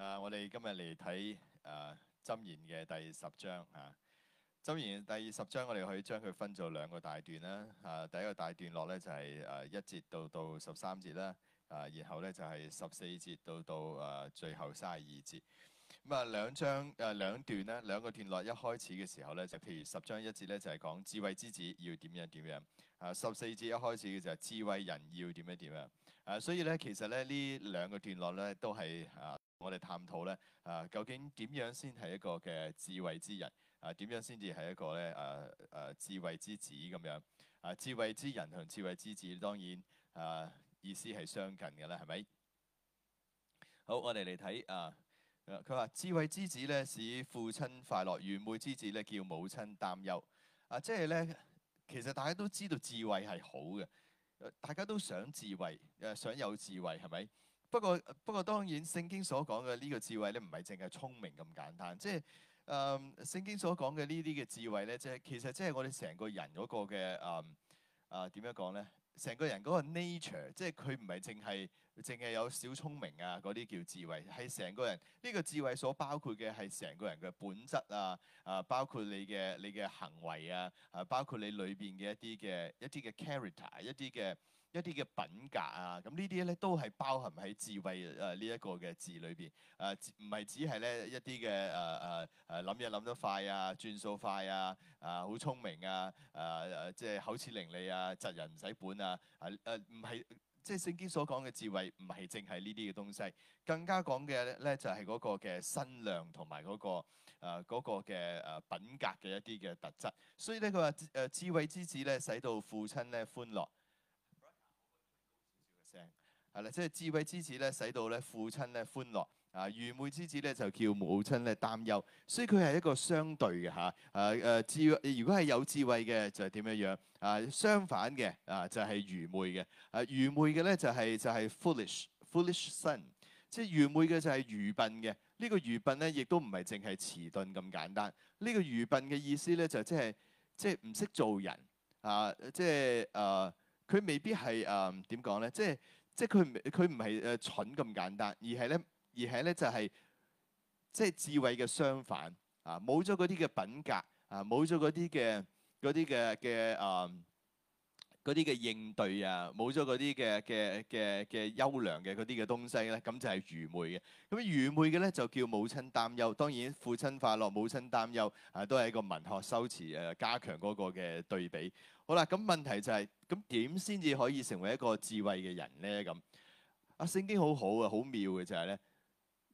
啊！我哋今日嚟睇啊《箴言》嘅第十章啊，《箴言》第十章我哋可以將佢分做兩個大段啦。啊，第一個大段落咧就係、是、啊一節到到十三節啦。啊，然後咧就係、是、十四節到到啊最後卅二節。咁啊，兩章啊兩段咧，兩個段落一開始嘅時候咧，就譬如十章一節咧就係、是、講智慧之子要點樣點樣啊，十四節一開始嘅就係智慧人要點樣點樣啊。所以咧，其實咧呢兩個段落咧都係啊。我哋探討咧，啊，究竟點樣先係一個嘅智慧之人？啊，點樣先至係一個咧？誒誒，智慧之子咁樣？啊，智慧之人同智慧之子當然啊，意思係相近嘅啦，係咪？好，我哋嚟睇啊，佢話智慧之子咧，使父親快樂，愚昧之子咧叫母親擔憂。啊，即係咧，其實大家都知道智慧係好嘅，大家都想智慧，誒、啊，想有智慧，係咪？不過不過當然聖經所講嘅呢個智慧咧，唔係淨係聰明咁簡單。即係誒、嗯、聖經所講嘅呢啲嘅智慧咧，即係其實即係我哋成個人嗰個嘅誒誒點樣講咧？成個人嗰個 nature，即係佢唔係淨係淨係有小聰明啊，嗰啲叫智慧，係成個人呢、呢個智慧所包括嘅係成個人嘅本質啊啊，包括你嘅你嘅行為啊啊，包括你裏邊嘅一啲嘅一啲嘅 character，一啲嘅。一啲嘅品格啊，咁呢啲咧都係包含喺智慧誒呢一個嘅字裏邊，誒，唔係只係咧一啲嘅誒誒誒諗嘢諗得快啊，轉數快啊，啊好聰明啊，誒誒即係口齒伶俐啊，窒人唔使本啊，誒誒唔係，即係聖經所講嘅智慧唔係淨係呢啲嘅東西，更加講嘅咧就係嗰個嘅身量同埋嗰個誒嗰個嘅誒品格嘅一啲嘅特質，所以咧佢話誒智慧之子咧使到父親咧歡樂。即係智慧之子咧，使到咧父親咧歡樂；啊，愚昧之子咧就叫母親咧擔憂。所以佢係一個相對嘅嚇。誒、啊、誒，智如果係有智慧嘅就係點樣樣？啊，相反嘅啊就係、係、愚昧嘅。啊，愚昧嘅咧就係、係、就係、係、foolish foolish son。即係愚昧嘅就係愚笨嘅。呢、呢個愚笨咧亦都唔係淨係遲鈍咁簡單。呢、呢個愚笨嘅意思咧就即係即係唔識做人。啊，即係誒，佢、啊、未必係誒點講咧，即、啊、係。即係佢唔佢唔係誒蠢咁簡單，而係咧而係咧就係即係智慧嘅相反啊！冇咗嗰啲嘅品格啊，冇咗嗰啲嘅嗰啲嘅嘅誒。嗰啲嘅應對啊，冇咗嗰啲嘅嘅嘅嘅優良嘅嗰啲嘅東西咧，咁就係愚昧嘅。咁啊愚昧嘅咧就叫母親擔憂，當然父親快樂，母親擔憂啊，都係一個文學修辭誒，加強嗰個嘅對比。好啦，咁問題就係咁點先至可以成為一個智慧嘅人咧？咁啊聖經好好啊，好妙嘅就係咧，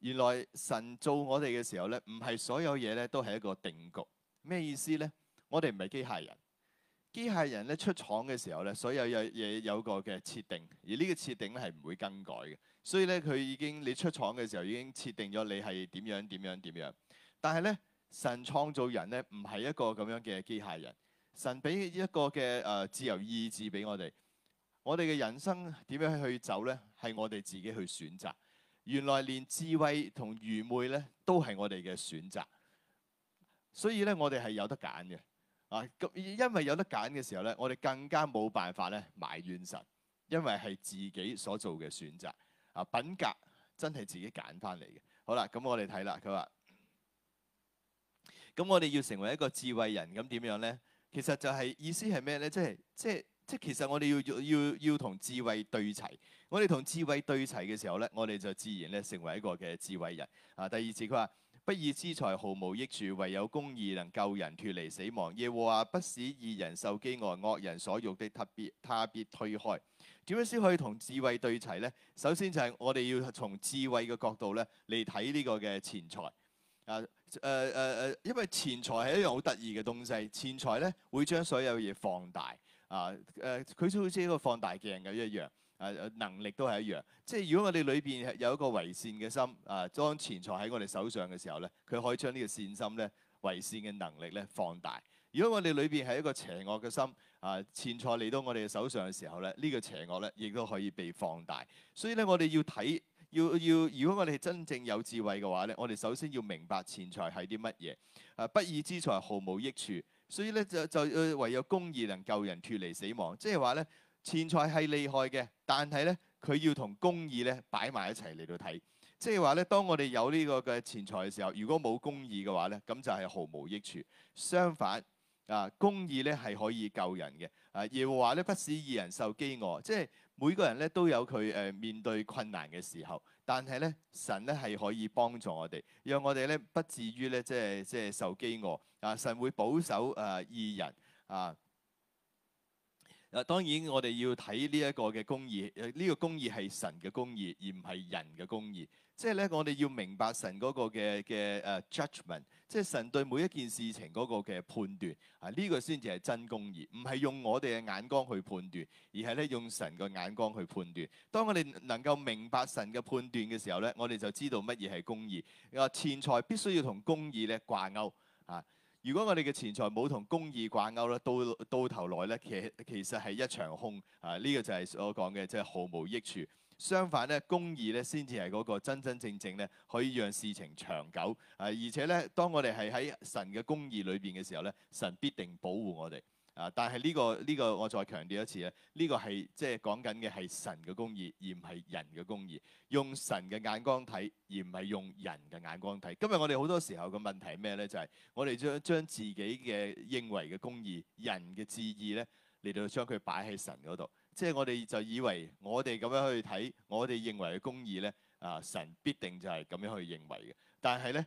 原來神造我哋嘅時候咧，唔係所有嘢咧都係一個定局。咩意思咧？我哋唔係機械人。機械人咧出廠嘅時候咧，所有嘢嘢有個嘅設定，而呢個設定咧係唔會更改嘅，所以咧佢已經你出廠嘅時候已經設定咗你係點樣點樣點樣。但係咧神創造人咧唔係一個咁樣嘅機械人，神俾一個嘅誒自由意志俾我哋，我哋嘅人生點樣去走咧？係我哋自己去選擇。原來連智慧同愚昧咧都係我哋嘅選擇，所以咧我哋係有得揀嘅。啊！咁因為有得揀嘅時候咧，我哋更加冇辦法咧埋怨神，因為係自己所做嘅選擇。啊，品格真係自己揀翻嚟嘅。好啦，咁我哋睇啦。佢話，咁我哋要成為一個智慧人，咁點樣咧？其實就係、是、意思係咩咧？即係即係即係，其實我哋要要要要同智慧對齊。我哋同智慧對齊嘅時候咧，我哋就自然咧成為一個嘅智慧人。啊，第二次佢話。不義之財毫無益處，唯有公義能救人脱離死亡。耶和華、啊、不使義人受饑餓，惡人所欲的特別，他必他必推開。點樣先可以同智慧對齊呢？首先就係我哋要從智慧嘅角度咧嚟睇呢個嘅錢財。啊誒誒誒，因為錢財係一樣好得意嘅東西，錢財咧會將所有嘢放大。啊、呃、誒，佢、呃、就好似一個放大鏡嘅一樣。啊，能力都係一樣。即係如果我哋裏邊有一個為善嘅心，啊，當錢財喺我哋手上嘅時候呢，佢可以將呢個善心呢、為善嘅能力呢放大。如果我哋裏邊係一個邪惡嘅心，啊，錢財嚟到我哋手上嘅時候呢，呢、呢個邪惡呢亦都可以被放大。所以呢，我哋要睇，要要，要，如果我哋真正有智慧嘅話呢，我哋首先要明白錢財係啲乜嘢。啊，不義之財毫無益處。所以呢，就就唯有公義能救人脱離死亡。即係話呢。錢財係厲害嘅，但係咧，佢要同公義咧擺埋一齊嚟到睇，即係話咧，當我哋有呢、這個嘅錢財嘅時候，如果冇公義嘅話咧，咁就係毫無益處。相反啊，公義咧係可以救人嘅。啊，耶和華咧不使義人受飢餓，即係每個人咧都有佢誒、呃、面對困難嘅時候，但係咧神咧係可以幫助我哋，讓我哋咧不至於咧即係即係受飢餓。啊，神會保守誒義人啊。啊啊啊啊啊嗱，當然我哋要睇呢一個嘅公義，誒、這、呢個公義係神嘅公義，而唔係人嘅公義。即係咧，我哋要明白神嗰個嘅嘅誒 judgment，即係神對每一件事情嗰、這個嘅判斷。啊，呢個先至係真公義，唔係用我哋嘅眼光去判斷，而係咧用神嘅眼光去判斷。當我哋能夠明白神嘅判斷嘅時候咧，我哋就知道乜嘢係公義。你話錢財必須要同公義咧掛鈎啊！如果我哋嘅錢財冇同公義掛鈎咧，到到頭來咧，其實其實係一場空啊！呢個就係我講嘅，即係毫無益處。相反咧，公義咧，先至係嗰個真真正正咧，可以讓事情長久啊！而且咧，當我哋係喺神嘅公義裏邊嘅時候咧，神必定保護我哋。啊！但係呢個呢個，這個、我再強調一次咧，呢、這個係即係講緊嘅係神嘅公義，而唔係人嘅公義。用神嘅眼光睇，而唔係用人嘅眼光睇。今日我哋好多時候嘅問題係咩呢？就係、是、我哋將將自己嘅認為嘅公義、人嘅志意呢，嚟到將佢擺喺神嗰度。即係我哋就以為我哋咁樣去睇，我哋認為嘅公義呢，啊神必定就係咁樣去認為嘅。但係呢，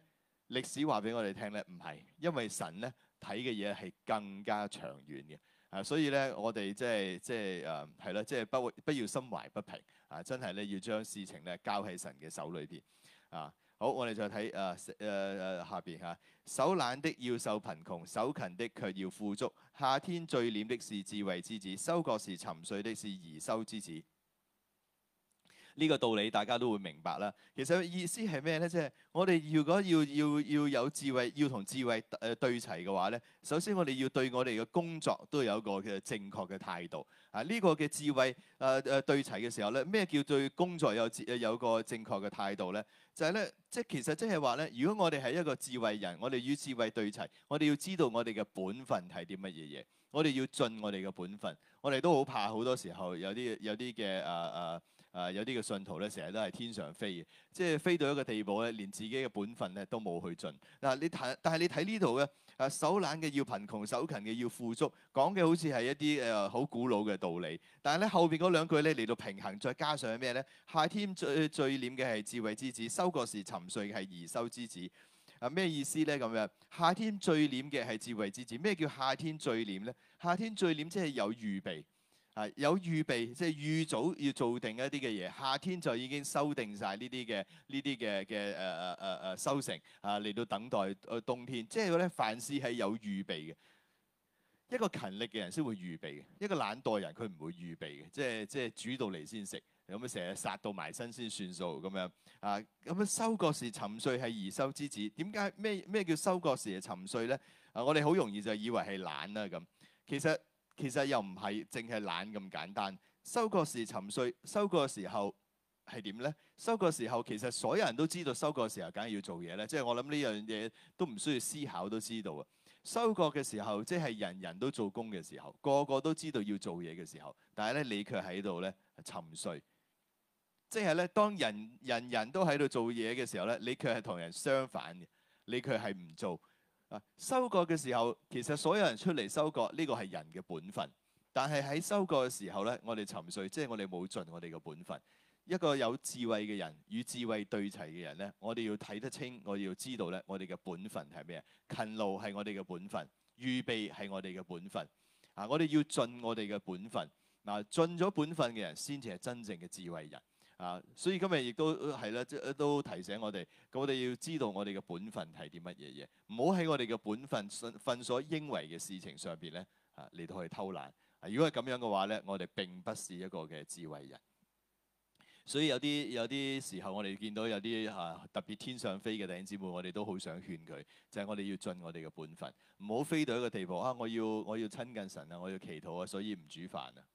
歷史話俾我哋聽呢，唔係，因為神呢。睇嘅嘢係更加長遠嘅，啊，所以咧、就是，我哋即係即係誒，係、啊、啦，即、就、係、是、不會不要心懷不平，啊，真係咧要將事情咧交喺神嘅手裏邊，啊，好，我哋再睇誒誒誒下邊嚇，手、啊、懶的要受貧窮，手勤的卻要富足，夏天聚斂的是智慧之子，收割時沉睡的是貽羞之子。呢個道理大家都會明白啦。其實意思係咩咧？即係我哋如果要要要有智慧，要同智慧誒對齊嘅話咧，首先我哋要對我哋嘅工作都有一個嘅正確嘅態度。啊，呢個嘅智慧誒誒對齊嘅時候咧，咩叫對工作有智有個正確嘅態度咧？就係咧，即係其實即係話咧，如果我哋係一個智慧人，我哋與智慧對齊，我哋要知道我哋嘅本分係啲乜嘢嘢。我哋要盡我哋嘅本分，我哋都好怕好多時候有啲有啲嘅誒誒誒有啲嘅信徒咧，成日都係天上飛嘅，即係飛到一個地步咧，連自己嘅本分咧都冇去盡。嗱，你睇，但係你睇呢度嘅誒手懶嘅要貧窮，手勤嘅要富足，講嘅好似係一啲誒好古老嘅道理。但係咧，後邊嗰兩句咧嚟到平衡，再加上咩咧？夏天最最斂嘅係智慧之子，收割時沉睡嘅係貽羞之子。啊咩意思咧？咁樣夏天聚斂嘅係智慧之子。咩叫夏天聚斂咧？夏天聚斂即係有預備，啊有預備即係、就是、預早要做定一啲嘅嘢。夏天就已經收定晒呢啲嘅呢啲嘅嘅誒誒誒誒收成啊，嚟到等待誒冬天。即係咧凡事係有預備嘅，一個勤力嘅人先會預備嘅，一個懶惰人佢唔會預備嘅，即係即係煮到嚟先食。咁樣成日殺到埋身先算數咁樣啊？咁樣收割時沉睡係貽羞之子，點解咩咩叫收割時係沉睡咧，啊？我哋好容易就以為係懶啦咁。其實其實又唔係淨係懶咁簡單。收割時沉睡，收割嘅時候係點咧？收割嘅時候其實所有人都知道，收割嘅時候梗係要做嘢咧。即係我諗呢樣嘢都唔需要思考都知道啊。收割嘅時候即係人人都做工嘅時候，個個都知道要做嘢嘅時候，但係咧你卻喺度咧沉睡。即係咧，當人人人都喺度做嘢嘅時候咧，你卻係同人相反嘅。你卻係唔做啊。收割嘅時候，其實所有人出嚟收割呢個係人嘅本分。但係喺收割嘅時候咧，我哋沉睡，即係我哋冇盡我哋嘅本分。一個有智慧嘅人與智慧對齊嘅人咧，我哋要睇得清，我哋要知道咧，我哋嘅本分係咩？勤勞係我哋嘅本分，預備係我哋嘅本分啊！我哋要盡我哋嘅本分嗱，盡咗本分嘅人先至係真正嘅智慧人。啊，所以今日亦都係咧，即都提醒我哋，咁我哋要知道我哋嘅本分係啲乜嘢嘢，唔好喺我哋嘅本分信份所應為嘅事情上邊咧，啊嚟到去偷懶。啊，如果係咁樣嘅話咧，我哋並不是一個嘅智慧人。所以有啲有啲時候，我哋見到有啲啊特別天上飛嘅弟兄姊妹，我哋都好想勸佢，就係我哋要盡我哋嘅本分，唔好飛到一個地步啊！我要我要親近神啊，我要祈禱啊，所以唔煮飯啊。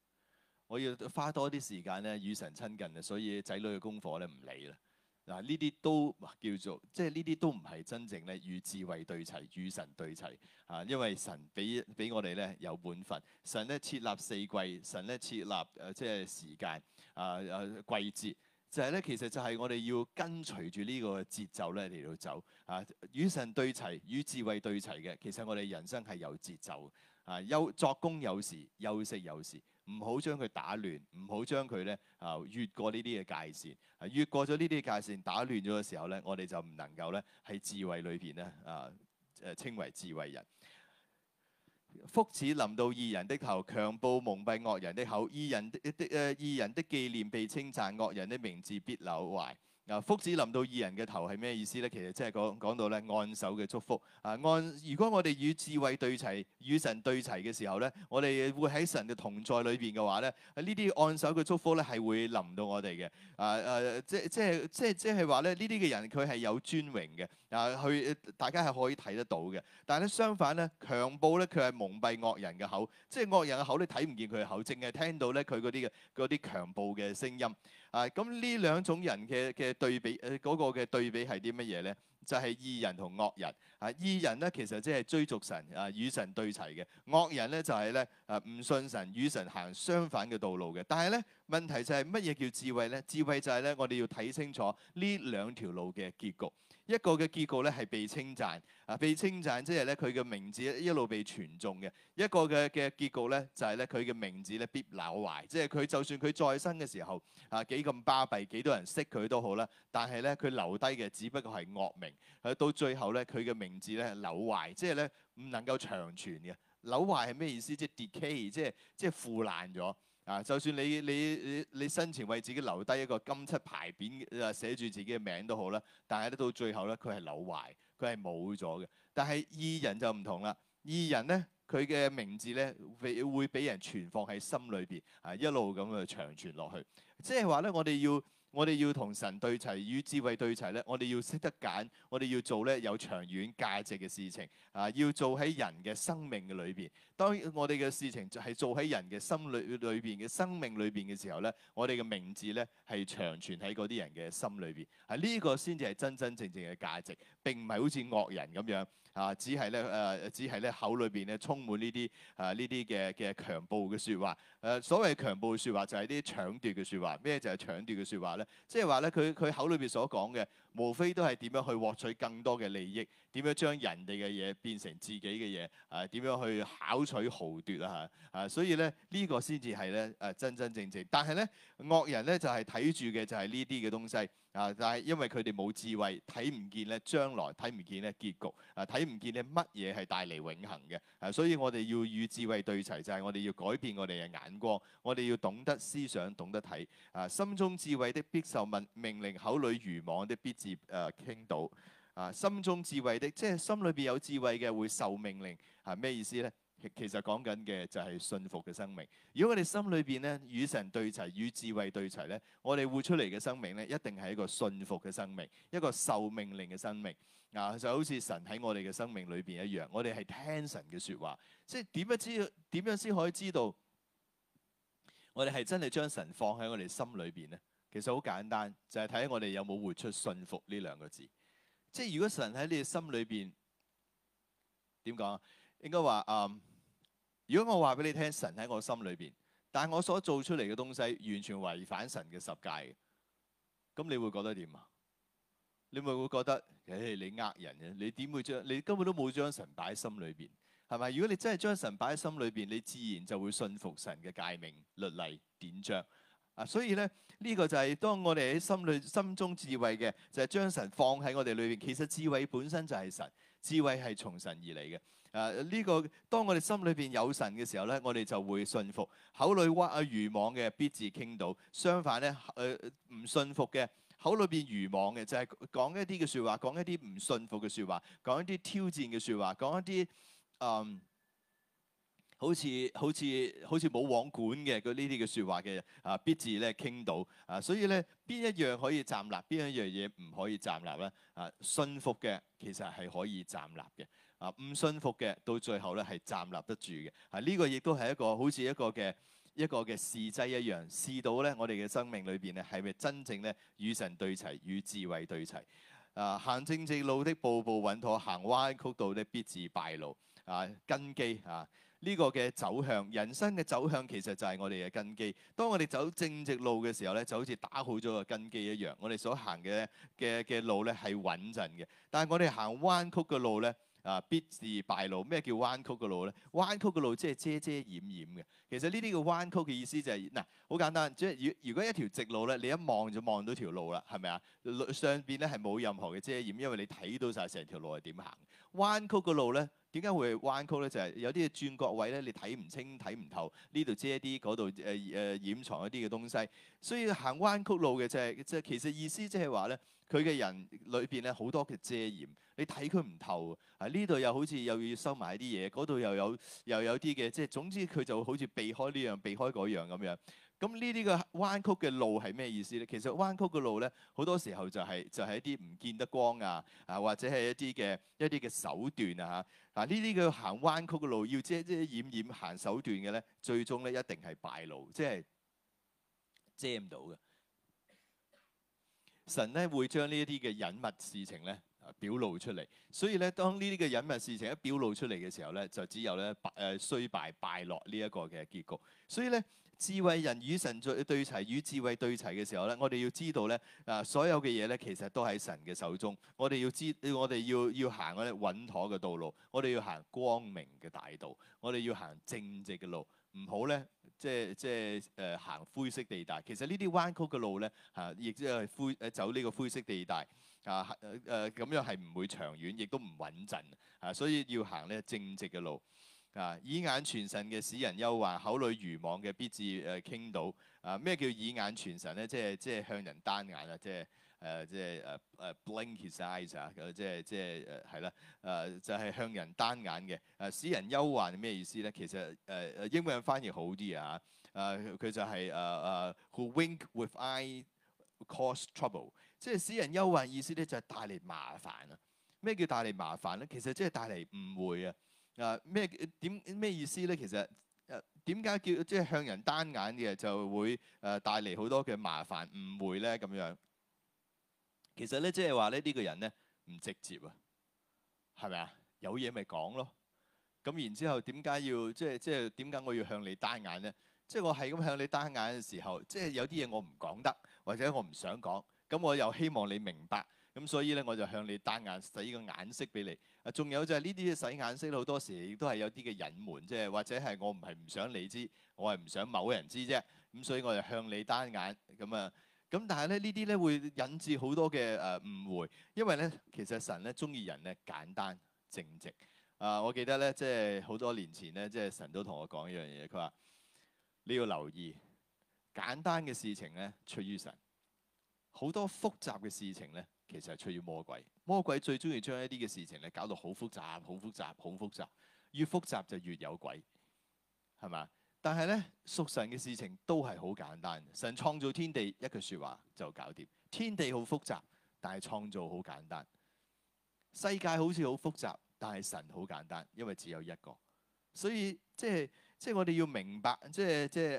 我要花多啲時間咧，與神親近啊，所以仔女嘅功課咧，唔理啦。嗱、啊，呢啲都叫做即係呢啲都唔係真正咧與智慧對齊、與神對齊啊。因為神俾俾我哋咧有本分，神咧設立四季，神咧設立誒、呃、即係時間啊啊季節，就係、是、咧其實就係我哋要跟隨住呢個節奏咧嚟到走啊，與神對齊、與智慧對齊嘅。其實我哋人生係有節奏啊，休作工有時，休息有時。唔好將佢打亂，唔好將佢咧啊越過呢啲嘅界線。越過咗呢啲界線，打亂咗嘅時候咧，我哋就唔能夠咧喺智慧裏邊咧啊誒稱為智慧人。福祉臨到義人的頭，強暴蒙蔽惡人的口。義人的的誒義人的記念被稱讚，惡人的名字必流壞。啊！福子臨到義人嘅頭係咩意思咧？其實即係講講到咧，按手嘅祝福啊，按如果我哋與智慧對齊，與神對齊嘅時候咧，我哋會喺神嘅同在裏邊嘅話咧，呢啲按手嘅祝福咧係會臨到我哋嘅啊啊！即即即即係話咧，呢啲嘅人佢係有尊榮嘅啊，去大家係可以睇得到嘅。但係咧，相反咧，強暴咧佢係蒙蔽惡人嘅口，即係惡人嘅口你睇唔見佢嘅口，淨係聽到咧佢嗰啲嘅嗰啲強暴嘅聲音。啊，咁呢兩種人嘅嘅對比，誒、那、嗰個嘅對比係啲乜嘢咧？就係、是、義人同惡人。啊，義人咧其實即係追逐神，啊與神對齊嘅；惡人咧就係咧，啊唔信神，與神行相反嘅道路嘅。但係咧問題就係乜嘢叫智慧咧？智慧就係咧，我哋要睇清楚呢兩條路嘅結局。一個嘅結局咧係被稱讚啊，被稱讚，即係咧佢嘅名字一路被傳頌嘅。一個嘅嘅結局咧就係咧佢嘅名字咧必朽壞，即係佢就算佢在生嘅時候啊幾咁巴閉，幾多，多，多人識佢都好啦，但係咧佢留低嘅只不過係惡名。係、啊、到最後咧佢嘅名字咧朽壞，即係咧唔能夠長存嘅朽壞係咩意思？即係 decay，即係即係腐爛咗。啊，就算你你你你生前為自己留低一個金漆牌匾啊，寫住自己嘅名都好啦，但係咧到最後咧，佢係扭壞，佢係冇咗嘅。但係義人就唔同啦，義人咧佢嘅名字咧，會會俾人存放喺心裏邊，啊一路咁樣長存落去。即係話咧，我哋要。我哋要同神對齊，與智慧對齊咧。我哋要識得揀，我哋要做咧有長遠價值嘅事情啊！要做喺人嘅生命嘅裏邊。當我哋嘅事情就係做喺人嘅心裏裏邊嘅生命裏邊嘅時候咧，我哋嘅名字咧係長存喺嗰啲人嘅心裏邊。啊，呢個先至係真真正正嘅價值，並唔係好似惡人咁樣。啊！只係咧誒，只係咧口裏邊咧充滿呢啲啊，呢啲嘅嘅強暴嘅説話。誒、呃、所謂強暴嘅説話就係啲搶奪嘅説話。咩就係搶奪嘅説話咧？即係話咧，佢佢口裏邊所講嘅。無非都係點樣去獲取更多嘅利益，點樣將人哋嘅嘢變成自己嘅嘢，誒、啊、點樣去巧取豪奪啊嚇！啊，所以咧呢、呢個先至係咧誒真真正正。但係咧惡人咧就係睇住嘅就係呢啲嘅東西啊，但係因為佢哋冇智慧，睇唔見咧將來，睇唔見咧結局，誒睇唔見咧乜嘢係帶嚟永恆嘅。誒、啊，所以我哋要與智慧對齊，就係、是、我哋要改變我哋嘅眼光，我哋要懂得思想，懂得睇。誒、啊，心中智慧的必受問命令，口裡愚妄的必。接誒傾到啊，心中智慧的，即係心裏邊有智慧嘅，會受命令。係咩意思呢？其實講緊嘅就係信服嘅生命。如果我哋心裏邊咧與神對齊，與智慧對齊咧，我哋活出嚟嘅生命咧，一定係一個信服嘅生命，一個受命令嘅生命啊！就好似神喺我哋嘅生命裏邊一樣，我哋係聽神嘅説話。即係點樣知？點樣先可以知道我哋係真係將神放喺我哋心裏邊呢？其實好簡單，就係睇下我哋有冇活出信服呢兩個字。即係如果神喺你嘅心裏邊，點講啊？應該話嗯，如果我話俾你聽，神喺我心裏邊，但係我所做出嚟嘅東西完全違反神嘅十誡嘅，咁你會覺得點啊？你咪會覺得，誒，你呃人嘅，你點會將你根本都冇將神擺喺心裏邊，係咪？如果你真係將神擺喺心裏邊，你自然就會信服神嘅誡命、律例、典章。啊，所以咧呢、這個就係當我哋喺心裏心中智慧嘅，就係、是、將神放喺我哋裏邊。其實智慧本身就係神，智慧係從神而嚟嘅。誒、啊、呢、這個當我哋心裏邊有神嘅時候咧，我哋就會信服。口裏屈啊愚妄嘅必至傾倒。相反咧誒，唔信服嘅，口裏邊愚妄嘅就係講一啲嘅説話，講一啲唔信服嘅説話，講一啲挑戰嘅説話，講一啲誒。嗯好似好似好似冇王管嘅，佢呢啲嘅説話嘅啊，必致咧傾倒啊，所以咧邊一樣可以站立，邊一樣嘢唔可以站立咧啊？信服嘅其實係可以站立嘅啊，唔信服嘅到最後咧係站立得住嘅啊。呢、這個亦都係一個好似一個嘅一個嘅試劑一樣試到咧，我哋嘅生命裏邊咧係咪真正咧與神對齊，與智慧對齊啊？行正直路的步步穩妥，行彎曲道咧必致敗露。啊。根基啊！呢個嘅走向，人生嘅走向其實就係我哋嘅根基。當我哋走正直路嘅時候咧，就好似打好咗個根基一樣。我哋所行嘅嘅嘅路咧係穩陣嘅。但係我哋行彎曲嘅路咧，啊必致敗露。咩叫彎曲嘅路咧？彎曲嘅路即係遮遮掩掩嘅。其實呢啲叫彎曲嘅意思就係、是、嗱，好、啊、簡單，即係如如果一條直路咧，你一望就望到條路啦，係咪啊？上邊咧係冇任何嘅遮掩，因為你睇到晒成條路係點行。彎曲嘅路咧。點解會彎曲咧？就係有啲轉角位咧，你睇唔清睇唔透，呢度遮啲，嗰度誒誒掩藏一啲嘅東西，所以行彎曲路嘅啫。即係其實意思即係話咧，佢嘅人裏邊咧好多嘅遮掩，你睇佢唔透啊！呢度又好似又要收埋一啲嘢，嗰度又有又有啲嘅，即係總之佢就好似避開呢樣，避開嗰樣咁樣。咁呢啲嘅彎曲嘅路係咩意思咧？其實彎曲嘅路咧，好多時候就係、係、就係、係、一啲唔見得光啊，啊或者係一啲嘅一啲嘅手段啊嚇。嗱呢啲嘅行彎曲嘅路，要遮遮掩掩行手段嘅咧，最終咧一定係敗露，即係遮唔到嘅。神咧會將呢一啲嘅隱密事情咧表露出嚟，所以咧當呢啲嘅隱密事情一表露出嚟嘅時候咧，就只有咧誒、呃、衰敗敗落呢一個嘅結局，所以咧。智慧人與神對對齊，與智慧對齊嘅時候咧，我哋要知道咧，啊，所有嘅嘢咧，其實都喺神嘅手中。我哋要知，我哋要要行嗰啲穩妥嘅道路，我哋要行光明嘅大道，我哋要行正直嘅路。唔好咧，即係即係誒、啊、行灰色地帶。其實呢啲彎曲嘅路咧，嚇亦即係灰誒走呢個灰色地帶啊誒咁、啊、樣係唔會長遠，亦都唔穩陣啊！所以要行咧正直嘅路。啊！以眼傳神嘅使人憂患，口裏愚妄嘅必致誒傾倒。啊！咩叫以眼傳神咧？即係即係向人單眼啊！即係誒即係誒誒 blink his eyes 啊！即係即係誒係啦。誒、啊、就係、是、向人單眼嘅。誒、啊、使人憂患係咩意思咧？其實誒誒、啊、英文，文翻譯好啲啊。誒佢就係誒誒 who wink with eye cause trouble。即係使人憂患意思咧，就係帶嚟麻煩啊。咩叫帶嚟麻煩咧？其實即係帶嚟誤會啊。啊咩？點咩意思咧？其實誒點解叫即係向人單眼嘅就會誒帶嚟好多嘅麻煩誤會咧？咁樣其實咧，即係話咧，呢個人咧唔直接啊，係咪啊？有嘢咪講咯。咁然之後點解要即係即係點解我要向你單眼咧？即係我係咁向你單眼嘅時候，即係有啲嘢我唔講得，或者我唔想講，咁我又希望你明白。咁所以咧，我就向你單眼使個眼色俾你。啊，仲有就係呢啲嘅使眼色，好多時亦都係有啲嘅隱瞞，即係或者係我唔係唔想你知，我係唔想某人知啫。咁所以我就向你單眼咁啊。咁但係咧，呢啲咧會引致好多嘅誒誤會，因為咧其實神咧鍾意人咧簡單正直。啊，我記得咧即係好多年前咧，即係神都同我講一樣嘢，佢話你要留意簡單嘅事情咧出於神，好多複雜嘅事情咧，其實係出於魔鬼，魔鬼最中意將一啲嘅事情咧搞到好複雜、好複雜、好複雜，越複雜就越有鬼，係嘛？但係咧，屬神嘅事情都係好簡單，神創造天地一句説話就搞掂。天地好複雜，但係創造好簡單；世界好似好複雜，但係神好簡單，因為只有一個。所以即係。即係我哋要明白，即係即係誒誒誒誒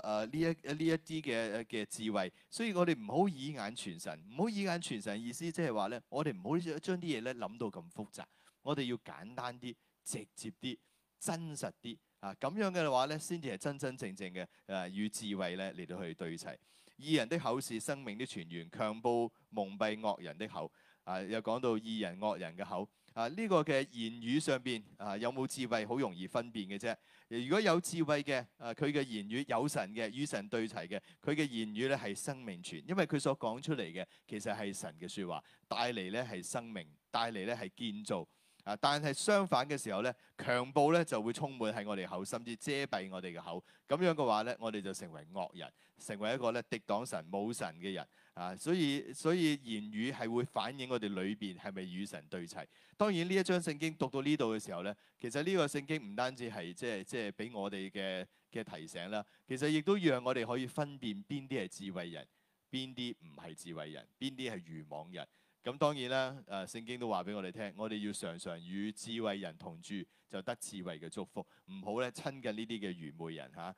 誒呢一呢一啲嘅嘅智慧，所以我哋唔好以眼傳神，唔好以眼傳神。意思即係話咧，我哋唔好將啲嘢咧諗到咁複雜，我哋要簡單啲、直接啲、真實啲啊！咁樣嘅話咧，先至係真真正正嘅誒與智慧咧嚟到去對齊。義人的口是生命的泉源，強暴蒙蔽惡人的口啊！又講到義人惡人嘅口。啊！呢個嘅言語上邊啊，有冇智慧，好容易分辨嘅啫。如果有智慧嘅，啊，佢嘅言語有神嘅，與神對齊嘅，佢嘅言語咧係生命泉，因為佢所講出嚟嘅其實係神嘅説話，帶嚟咧係生命，帶嚟咧係建造。啊！但係相反嘅時候咧，強暴咧就會充滿喺我哋口，甚至遮蔽我哋嘅口。咁樣嘅話咧，我哋就成為惡人，成為一個咧敵擋神、冇神嘅人。啊，所以所以言語係會反映我哋裏邊係咪與神對齊？當然呢一章聖經讀到呢度嘅時候呢，其實呢個聖經唔單止係即係即係俾我哋嘅嘅提醒啦，其實亦都讓我哋可以分辨邊啲係智慧人，邊啲唔係智慧人，邊啲係愚妄人。咁當然啦，誒、啊、聖經都話俾我哋聽，我哋要常常與智慧人同住，就得智慧嘅祝福，唔好咧親近呢啲嘅愚昧人嚇。啊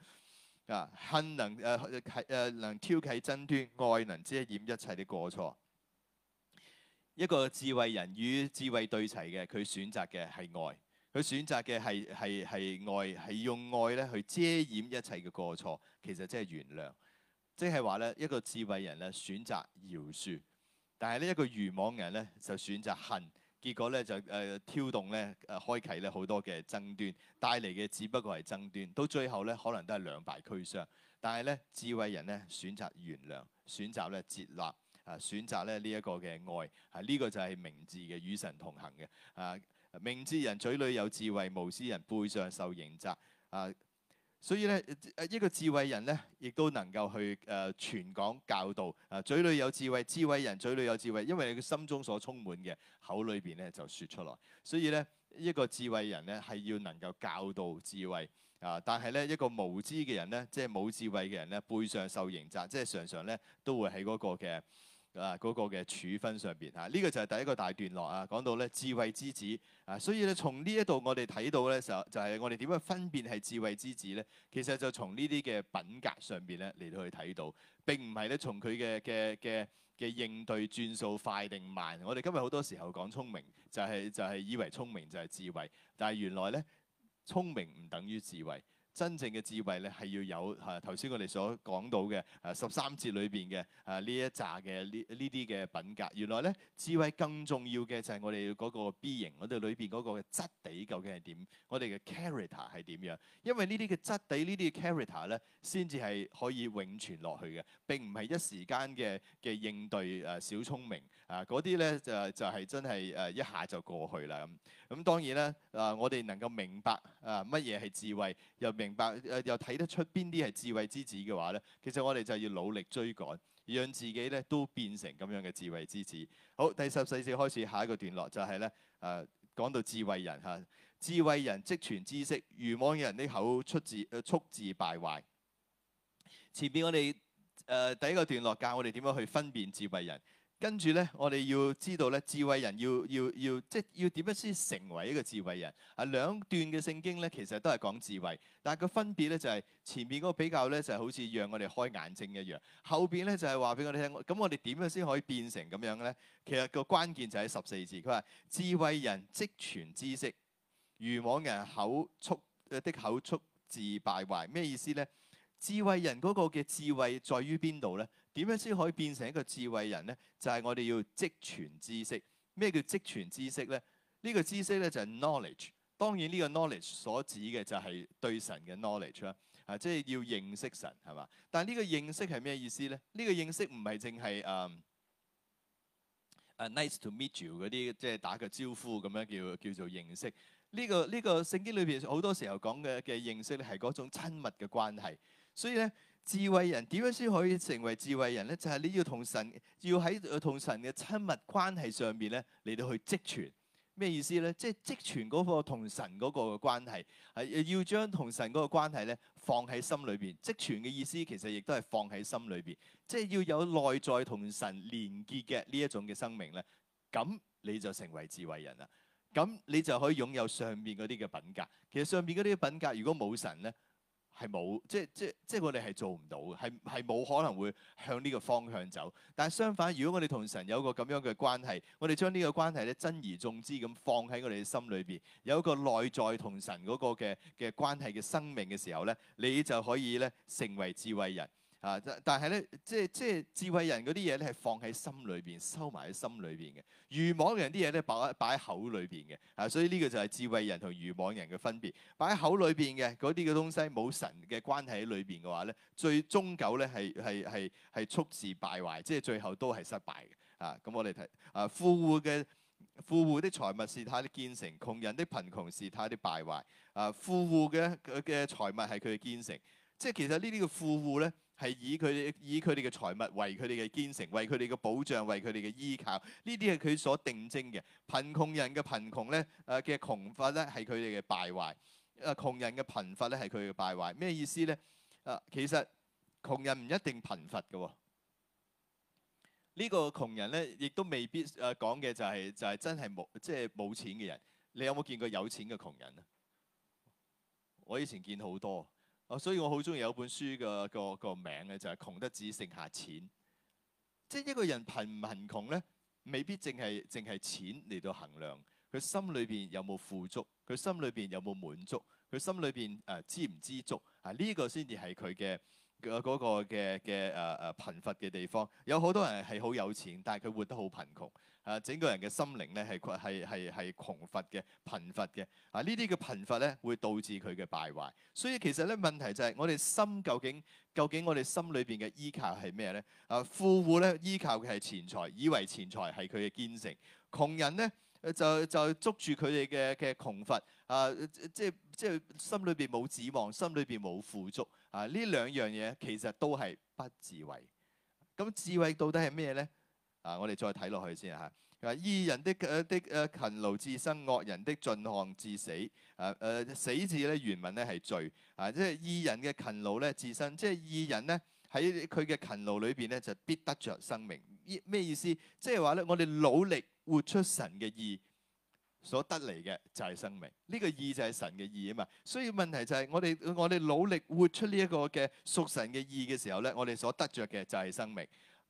啊恨能誒誒、呃、能挑起爭端，愛能遮掩一切的過錯。一個智慧人與智慧對齊嘅，佢選擇嘅係愛，佢選擇嘅係係係愛，係用愛咧去遮掩一切嘅過錯。其實即係原諒，即係話咧一個智慧人咧選擇饒恕，但係呢一個愚妄人咧就選擇恨。結果咧就誒、呃、挑動咧誒開啓咧好多嘅爭端，帶嚟嘅只不過係爭端，到最後咧可能都係兩敗俱傷。但係咧智慧人咧選擇原諒，選擇咧接納啊，選擇咧呢一、這個嘅愛，係、啊、呢、這個就係明智嘅與神同行嘅啊。明智人嘴裏有智慧，無私人背上受刑責啊。所以咧，一個智慧人咧，亦都能夠去誒傳講教導。啊，嘴裏有智慧，智慧人嘴裏有智慧，因為你心中所充滿嘅，口裏邊咧就說出來。所以咧，一個智慧人咧係要能夠教導智慧。啊，但係咧，一個無知嘅人咧，即係冇智慧嘅人咧，背上受刑責，即係常常咧都會喺嗰個嘅。啊！嗰個嘅處分上邊嚇，呢、這個就係第一個大段落啊。講到咧智慧之子啊，所以咧從呢一度我哋睇到咧就就係我哋點樣分辨係智慧之子咧？其實就從呢啲嘅品格上邊咧嚟到去睇到，並唔係咧從佢嘅嘅嘅嘅應對轉數快定慢。我哋今日好多時候講聰明，就係、是、就係、是、以為聰明就係智慧，但係原來咧聰明唔等於智慧。真正嘅智慧咧，係要有嚇頭先我哋所講到嘅誒、啊、十三節裏邊嘅誒呢一紮嘅呢呢啲嘅品格。原來咧智慧更重要嘅就係我哋嗰個 B 型我哋裏邊嗰個質地究竟係點？我哋嘅 character 係點樣？因為呢啲嘅質地呢啲 character 咧，先至係可以永存落去嘅，並唔係一時間嘅嘅應對誒、啊、小聰明啊嗰啲咧就係、就係、係、真係誒一下就過去啦咁。咁當然咧，啊，我哋能夠明白啊，乜嘢係智慧，又明白誒、啊，又睇得出邊啲係智慧之子嘅話咧，其實我哋就要努力追趕，讓自己咧都變成咁樣嘅智慧之子。好，第十四節開始下一個段落就係、是、咧，誒、啊、講到智慧人嚇、啊，智慧人積存知識，愚妄人啲口出自誒速、啊、致敗壞。前邊我哋誒、啊、第一個段落教我哋點樣去分辨智慧人。跟住咧，我哋要知道咧，智慧人要要要，即係要點樣先成為一個智慧人？啊，兩段嘅聖經咧，其實都係講智慧，但係個分別咧就係前面嗰個比較咧，就係好似讓我哋開眼睛一樣；後邊咧就係話俾我哋聽，咁我哋點樣先可以變成咁樣嘅咧？其實個關鍵就喺十四字，佢話智慧人積存知識，愚妄人口速誒的口速致敗壞。咩意思咧？智慧人嗰個嘅智慧在於邊度咧？點樣先可以變成一個智慧人咧？就係、是、我哋要積存知識。咩叫積存知識咧？呢、這個知識咧就係 knowledge。當然呢個 knowledge 所指嘅就係對神嘅 knowledge 啦。啊，即係要認識神係嘛？但係呢個認識係咩意思咧？呢、這個認識唔係淨係誒誒 nice to meet you 嗰啲，即、就、係、是、打個招呼咁樣叫叫做認識。呢、這個呢、這個聖經裏邊好多時候講嘅嘅認識咧係嗰種親密嘅關係。所以咧。智慧人點樣先可以成為智慧人咧？就係你要同神要喺同神嘅親密關係上邊咧嚟到去積存，咩意思咧？即係積存嗰個同神嗰個嘅關係，係要將同神嗰個關係咧放喺心裏邊。積存嘅意思其實亦都係放喺心裏邊，即係要有內在同神連結嘅呢一種嘅生命咧，咁你就成為智慧人啦。咁你就可以擁有上面嗰啲嘅品格。其實上面嗰啲嘅品格如果冇神咧。係冇，即係即係即係我哋係做唔到嘅，係係冇可能會向呢個方向走。但係相反，如果我哋同神有個咁樣嘅關係，我哋將呢個關係咧珍而重之咁放喺我哋嘅心裏面，有一個內在同神嗰個嘅嘅關係嘅生命嘅時候咧，你就可以咧成為智慧人。啊！但但係咧，即係即係智慧人嗰啲嘢咧，係放喺心裏邊，收埋喺心裏邊嘅；愚妄人啲嘢咧，擺擺喺口裏邊嘅。啊，所以呢個就係智慧人同愚妄人嘅分別。擺喺口裏邊嘅嗰啲嘅東西，冇神嘅關係喺裏邊嘅話咧，最終究咧係係係係速致敗壞，即係最後都係失敗嘅。啊，咁我哋睇，啊，富戶嘅富戶的財物是他的堅城，窮人的貧窮是他的敗壞。啊，富戶嘅嘅財物係佢嘅堅城，即係其實呢啲嘅富戶咧。係以佢以佢哋嘅財物為佢哋嘅堅城，為佢哋嘅保障，為佢哋嘅依靠。呢啲係佢所定徵嘅貧窮人嘅貧窮咧，誒嘅窮乏咧係佢哋嘅敗壞。誒窮人嘅貧乏咧係佢嘅敗壞。咩意思咧？誒其實窮人唔一定貧乏嘅喎。呢個窮人咧亦都未必誒講嘅就係就係真係冇即係冇錢嘅人。你有冇見過有錢嘅窮人啊？我以前見好多。所以我好中意有本書嘅個個名咧，就係、是、窮得只剩下錢，即係一個人貧唔貧窮咧，未必淨係淨係錢嚟到衡量，佢心裏邊有冇富足，佢心裏邊有冇滿足，佢心裏邊誒知唔知足啊？呢、這個先至係佢嘅嘅嗰個嘅嘅誒誒貧乏嘅地方。有好多人係好有錢，但係佢活得好貧窮。啊，整個人嘅心靈咧係係係係窮乏嘅貧乏嘅啊！呢啲嘅貧乏咧會導致佢嘅敗壞，所以其實咧問題就係我哋心究竟究竟我哋心裏邊嘅依靠係咩咧？啊，富戶咧依靠嘅係錢財，以為錢財係佢嘅堅城；窮人咧就就捉住佢哋嘅嘅窮乏啊，即係即係心裏邊冇指望，心裏邊冇富足啊！呢兩樣嘢其實都係不智慧。咁智慧到底係咩咧？啊！我哋再睇落去先嚇。啊，義人的嘅、呃、的嘅勤勞致生，惡人的進項致死。誒、啊、誒、呃，死字咧原文咧係罪。啊，即係義人嘅勤勞咧致生，即係義人咧喺佢嘅勤勞裏邊咧就必得着生命。咩意思？即係話咧，我哋努力活出神嘅義所得嚟嘅就係生命。呢、這個義就係神嘅義啊嘛。所以問題就係我哋我哋努力活出呢一個嘅屬神嘅義嘅時候咧，我哋所得着嘅就係生命。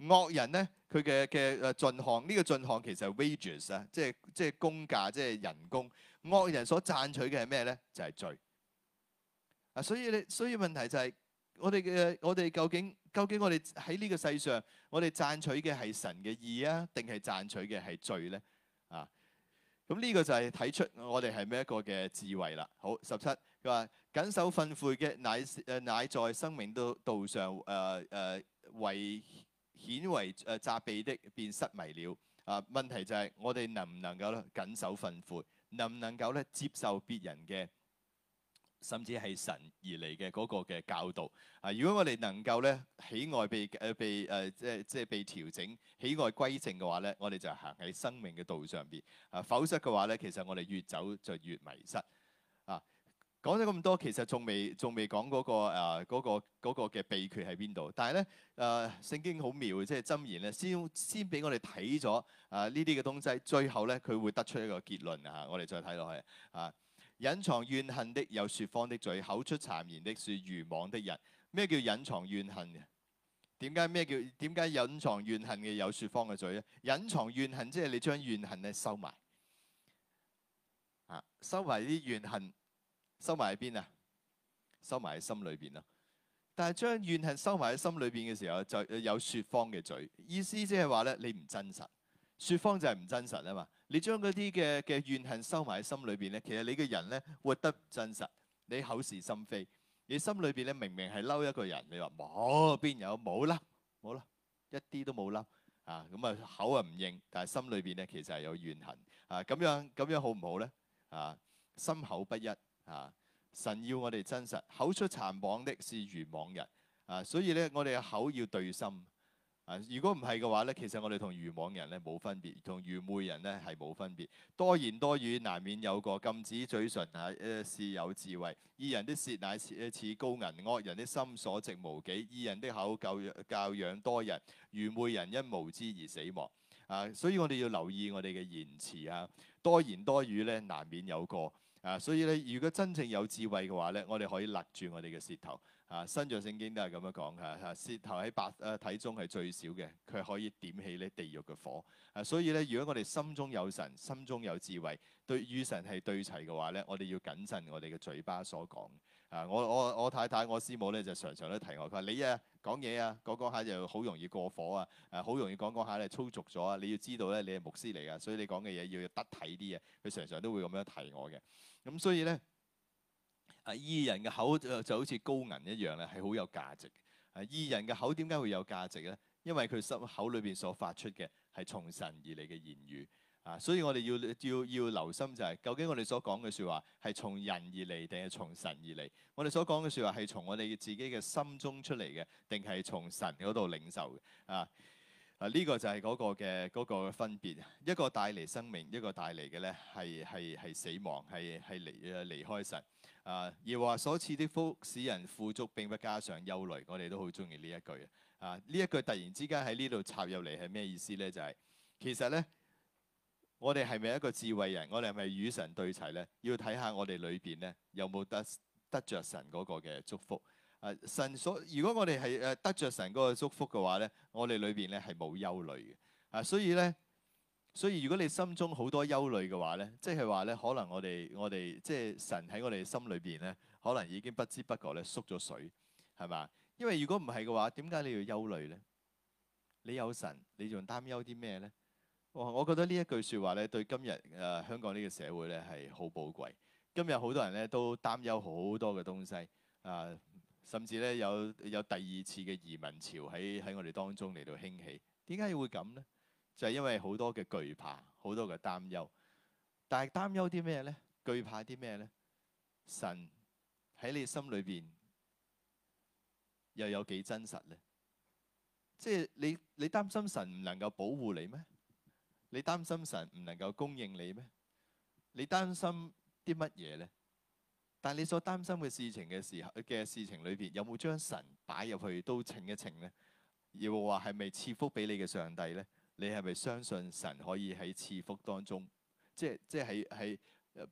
惡人咧，佢嘅嘅誒進項，呢個進項其實係 wages 啊，即係即係工價，即係人工。惡人所賺取嘅係咩咧？就係罪啊！所以你所以問題就係，我哋嘅我哋究竟究竟我哋喺呢個世上，我哋賺取嘅係神嘅義啊，定係賺取嘅係罪咧？啊，咁呢個就係睇出我哋係咩一個嘅智慧啦。好，十七佢話：謹守訓誨嘅，乃誒乃在生命都道上誒誒為。顯為誒責備的，便失迷了。啊，問題就係我哋能唔能夠咧謹守訓誨，能唔能夠咧接受別人嘅，甚至係神而嚟嘅嗰個嘅教導。啊，如果我哋能夠咧喜愛被誒被誒即係即係被調整，喜愛歸正嘅話咧，我哋就行喺生命嘅道上面。啊，否則嘅話咧，其實我哋越走就越迷失。講咗咁多，其實仲未仲未講嗰個誒，啊嗰個、嗰個嘅秘訣喺邊度？但係咧誒，聖、啊、經好妙，即係箴言咧，先先俾我哋睇咗誒呢啲嘅東西，最後咧佢會得出一個結論啊！我哋再睇落去啊，隱藏怨恨的有說謊的嘴，口出讒言的是愚妄的人。咩叫隱藏怨恨嘅？點解咩叫點解隱藏怨恨嘅有說謊嘅嘴咧？隱藏怨恨即係你將怨恨咧收埋啊，收埋啲怨恨。收埋喺邊啊？收埋喺心裏邊啊。但係將怨恨收埋喺心裏邊嘅時候，就有說謊嘅嘴。意思即係話咧，你唔真實，說謊就係唔真實啊嘛。你將嗰啲嘅嘅怨恨收埋喺心裏邊咧，其實你嘅人咧活得唔真實，你口是心非，你心裏邊咧明明係嬲一個人，你話冇邊有冇啦冇啦，一啲都冇嬲啊，咁啊，口啊唔應，但係心裏邊咧其實係有怨恨啊。咁樣咁樣好唔好咧啊？心口不一。啊！神要我哋真實，口出讒謗的是愚妄人啊！所以咧，我哋嘅口要對心啊！如果唔係嘅話咧，其實我哋同愚妄人咧冇分別，同愚昧人咧係冇分別。多言多語難免有過，禁止嘴唇啊，誒是有智慧，義人的舌乃似，似高銀，惡人的心所值無幾。義人的口教養多人，愚昧人因無知而死亡啊！所以我哋要留意我哋嘅言辭啊！多言多語咧難免有過。啊，所以咧，如果真正有智慧嘅話咧，我哋可以勒住我哋嘅舌頭。啊，新約聖經都係咁樣講嘅。啊，舌頭喺百啊體中係最少嘅，佢可以點起咧地獄嘅火。啊，所以咧，如果我哋心中有神，心中有智慧，對與神係對齊嘅話咧，我哋要謹慎我哋嘅嘴巴所講。啊！我我我太太我師母咧就常常都提我，佢話你啊講嘢啊講講下就好容易過火啊，誒好容易講講下咧粗俗咗啊！你要知道咧，你係牧師嚟㗎，所以你講嘅嘢要得體啲嘅。佢常常都會咁樣提我嘅。咁所以咧，義人嘅口就好似高銀一樣咧，係好有價值。義人嘅口點解會有價值咧？因為佢心口裏邊所發出嘅係從神而嚟嘅言語。啊！所以我哋要要要留心就係，究竟我哋所講嘅說話係從人而嚟定係從神而嚟？我哋所講嘅說話係從我哋自己嘅心中出嚟嘅，定係從神嗰度領受嘅？啊啊！呢個就係嗰個嘅，嗰個分別，一個帶嚟生命，一個帶嚟嘅咧係係係死亡，係係離離開神啊。耶和華所賜的福使人富足，並不加上憂慮。我哋都好中意呢一句啊！呢一句突然之間喺呢度插入嚟係咩意思咧？就係、是、其實咧。我哋係咪一個智慧人？我哋係咪與神對齊呢？要睇下我哋裏邊呢，有冇得得着神嗰個嘅祝福。啊，神所如果我哋係誒得着神嗰個祝福嘅話呢，我哋裏邊呢係冇憂慮嘅。啊，所以呢，所以如果你心中好多憂慮嘅話呢，即係話呢，可能我哋我哋即係神喺我哋心裏邊呢，可能已經不知不覺咧縮咗水，係嘛？因為如果唔係嘅話，點解你要憂慮呢？你有神，你仲擔憂啲咩呢？我我覺得呢一句説話咧，對今日誒、呃、香港呢個社會咧係好寶貴。今日好多人咧都擔憂好多嘅東西啊、呃，甚至咧有有第二次嘅移民潮喺喺我哋當中嚟到興起。點解會咁呢？就係、是、因為好多嘅懼怕，好多嘅擔憂。但係擔憂啲咩呢？懼怕啲咩呢？神喺你心裏邊又有幾真實呢？即係你你擔心神唔能夠保護你咩？你擔心神唔能夠供應你咩？你擔心啲乜嘢呢？但你所擔心嘅事情嘅時候嘅事情裏邊，有冇將神擺入去都請一請呢？要話係咪賜福俾你嘅上帝呢？你係咪相信神可以喺賜福當中，即係即係喺喺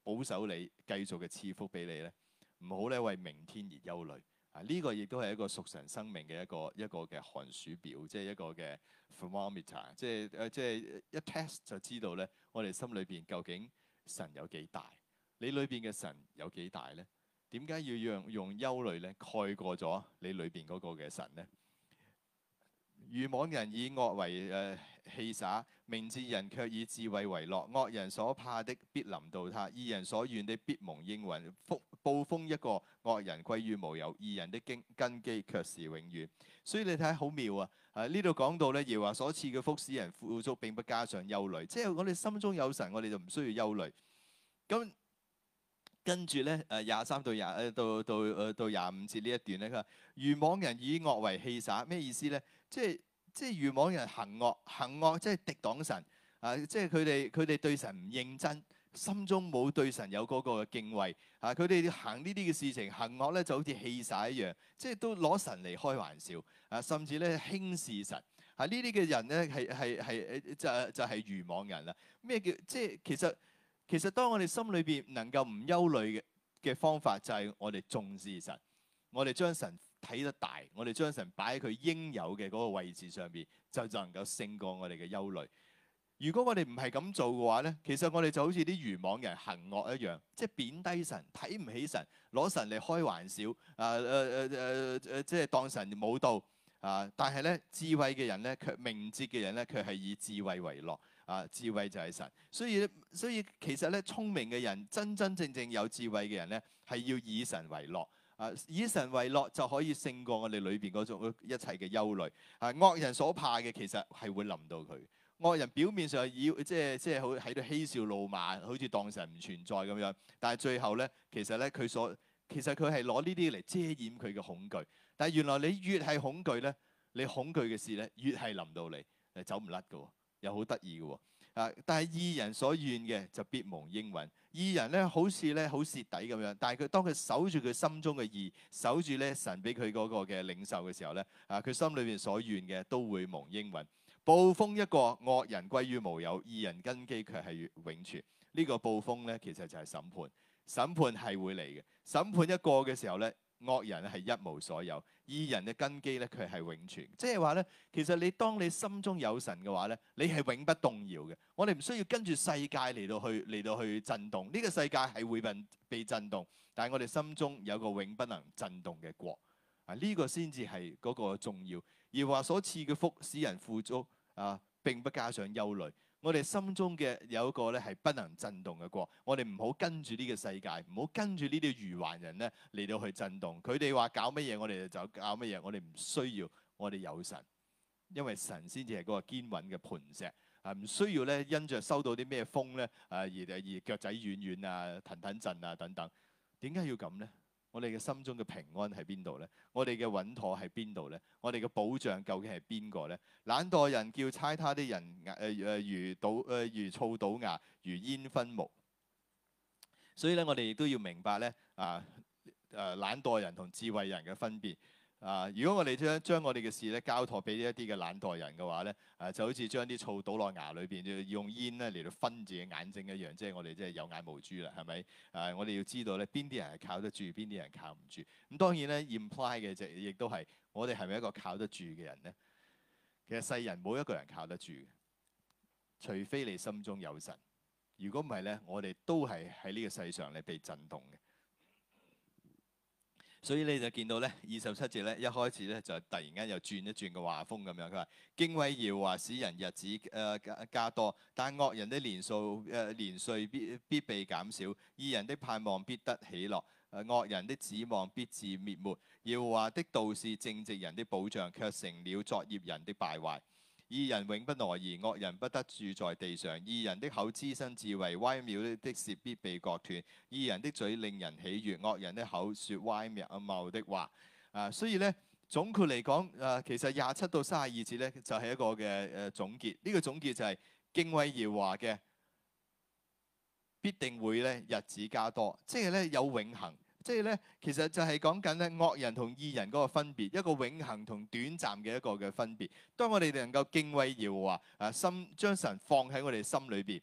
保守你繼續嘅賜福俾你呢？唔好咧為明天而憂慮。啊！呢、這個亦都係一個屬神生命嘅一個一個嘅寒暑表，即係一個嘅 thermometer，即係誒、呃，即係一 test 就知道咧，我哋心裏邊究竟神有幾大？你裏邊嘅神有幾大咧？點解要讓用憂慮咧蓋過咗你裏邊嗰個嘅神咧？愚妄人以惡為誒、戲耍，明智人卻以智慧為樂。惡人所怕的必臨到他，義人所願的必蒙應允。風暴風一個惡人歸於無有，義人的經根基卻是永遠。所以你睇好妙啊！啊呢度講到咧，耶和華所賜嘅福使人富足，並不加上憂慮。即係我哋心中有神，我哋就唔需要憂慮。咁跟住咧誒，廿三到廿、誒、到、到、誒到廿五節呢一段咧，佢話愚妄人以惡為戲耍，咩意思咧？即係即係愚妄人行惡，行惡即係敵擋神啊！即係佢哋佢哋對神唔認真，心中冇對神有嗰個敬畏啊！佢哋行呢啲嘅事情，行惡咧就好似戲耍一樣，即係都攞神嚟開玩笑啊！甚至咧輕視神啊！呢啲嘅人咧係係係就就係愚妄人啦。咩叫即係其實其實當我哋心裏邊能夠唔憂慮嘅嘅方法就係我哋重視神，我哋將神。睇得大，我哋將神擺喺佢應有嘅嗰個位置上面，就就能夠勝過我哋嘅憂慮。如果我哋唔係咁做嘅話咧，其實我哋就好似啲愚妄人行惡一樣，即係貶低神、睇唔起神、攞神嚟開玩笑啊！誒誒誒誒，即係當神冇道啊、呃！但係咧，智慧嘅人咧，卻明智嘅人咧，佢係以智慧為樂啊、呃！智慧就係神，所以所以其實咧，聰明嘅人真真正正正有智慧嘅人咧，係要以神為樂。啊！以神為樂就可以勝過我哋裏邊嗰種一切嘅憂慮。啊！惡人所怕嘅其實係會臨到佢。惡人表面上要即係即係好喺度嬉笑怒罵，好似當神唔存在咁樣。但係最後咧，其實咧佢所其實佢係攞呢啲嚟遮掩佢嘅恐懼。但係原來你越係恐懼咧，你恐懼嘅事咧越係臨到你，誒走唔甩㗎喎，又好得意嘅喎。啊！但係義人所願嘅就必蒙應允，義人咧好似咧好蝕底咁樣，但係佢當佢守住佢心中嘅義，守住咧神俾佢嗰個嘅領袖嘅時候咧，啊佢心裏邊所願嘅都會蒙應允。暴風一過，惡人歸於無有，義人根基卻係永存。呢、這個暴風咧其實就係審判，審判係會嚟嘅。審判一過嘅時候咧，惡人係一無所有。義人嘅根基咧，佢係永存，即係話咧，其實你當你心中有神嘅話咧，你係永不動搖嘅。我哋唔需要跟住世界嚟到去嚟到去震動，呢、這個世界係會震被震動，但係我哋心中有個永不能震動嘅國啊，呢、這個先至係嗰個重要。而話所賜嘅福，使人富足啊，並不加上憂慮。我哋心中嘅有一個咧係不能震動嘅國，我哋唔好跟住呢個世界，唔好跟住呢啲愚頑人咧嚟到去震動。佢哋話搞乜嘢，我哋就搞乜嘢。我哋唔需要，我哋有神，因為神先至係嗰個堅穩嘅磐石。啊，唔需要咧，因着收到啲咩風咧，啊而而腳仔軟軟啊，騰騰震啊等等。點解要咁咧？我哋嘅心中嘅平安喺邊度咧？我哋嘅穩妥喺邊度咧？我哋嘅保障究竟係邊個咧？懶惰人叫差他啲人，誒、呃、誒、呃、如倒誒、呃、如醋倒牙，如煙薰目。所以咧，我哋亦都要明白咧，啊誒懶、啊、惰人同智慧人嘅分別。啊！如果我哋將將我哋嘅事咧交託俾一啲嘅懶惰人嘅話咧，啊就好似將啲醋倒落牙裏邊，用煙咧嚟到熏住眼睛一樣，即係我哋即係有眼無珠啦，係咪？啊，我哋要知道咧邊啲人係靠得住，邊啲人靠唔住。咁、嗯、當然咧 imply 嘅就亦都係我哋係咪一個靠得住嘅人咧？其實世人冇一個人靠得住，除非你心中有神。如果唔係咧，我哋都係喺呢個世上嚟被震動嘅。所以你就見到咧，二十七節咧一開始咧就突然間又轉一轉個畫風咁樣，佢話：敬畏耶和華使人日子誒、呃、加、加多，但惡人的年數誒、呃、年歲必必被減少，義人的盼望必得喜樂，誒、呃、惡人的指望必致滅沒。耶和華的道是正直人的保障，卻成了作孽人的敗壞。義人永不挪移，惡人不得住在地上。義人的口滋生智慧，歪謬的舌必被割斷。義人的嘴令人喜悅，惡人的口說歪謬惡謬的話。啊，所以咧，總括嚟講，啊，其實廿七到三十二節咧，就係、是、一個嘅誒總結。呢、這個總結就係敬畏耶和華嘅，必定會咧日子加多，即係咧有永恆。即係咧，其實就係講緊咧惡人同義人嗰個分別，一個永恆同短暫嘅一個嘅分別。當我哋能夠敬畏耶和華啊，心將神放喺我哋心裏邊，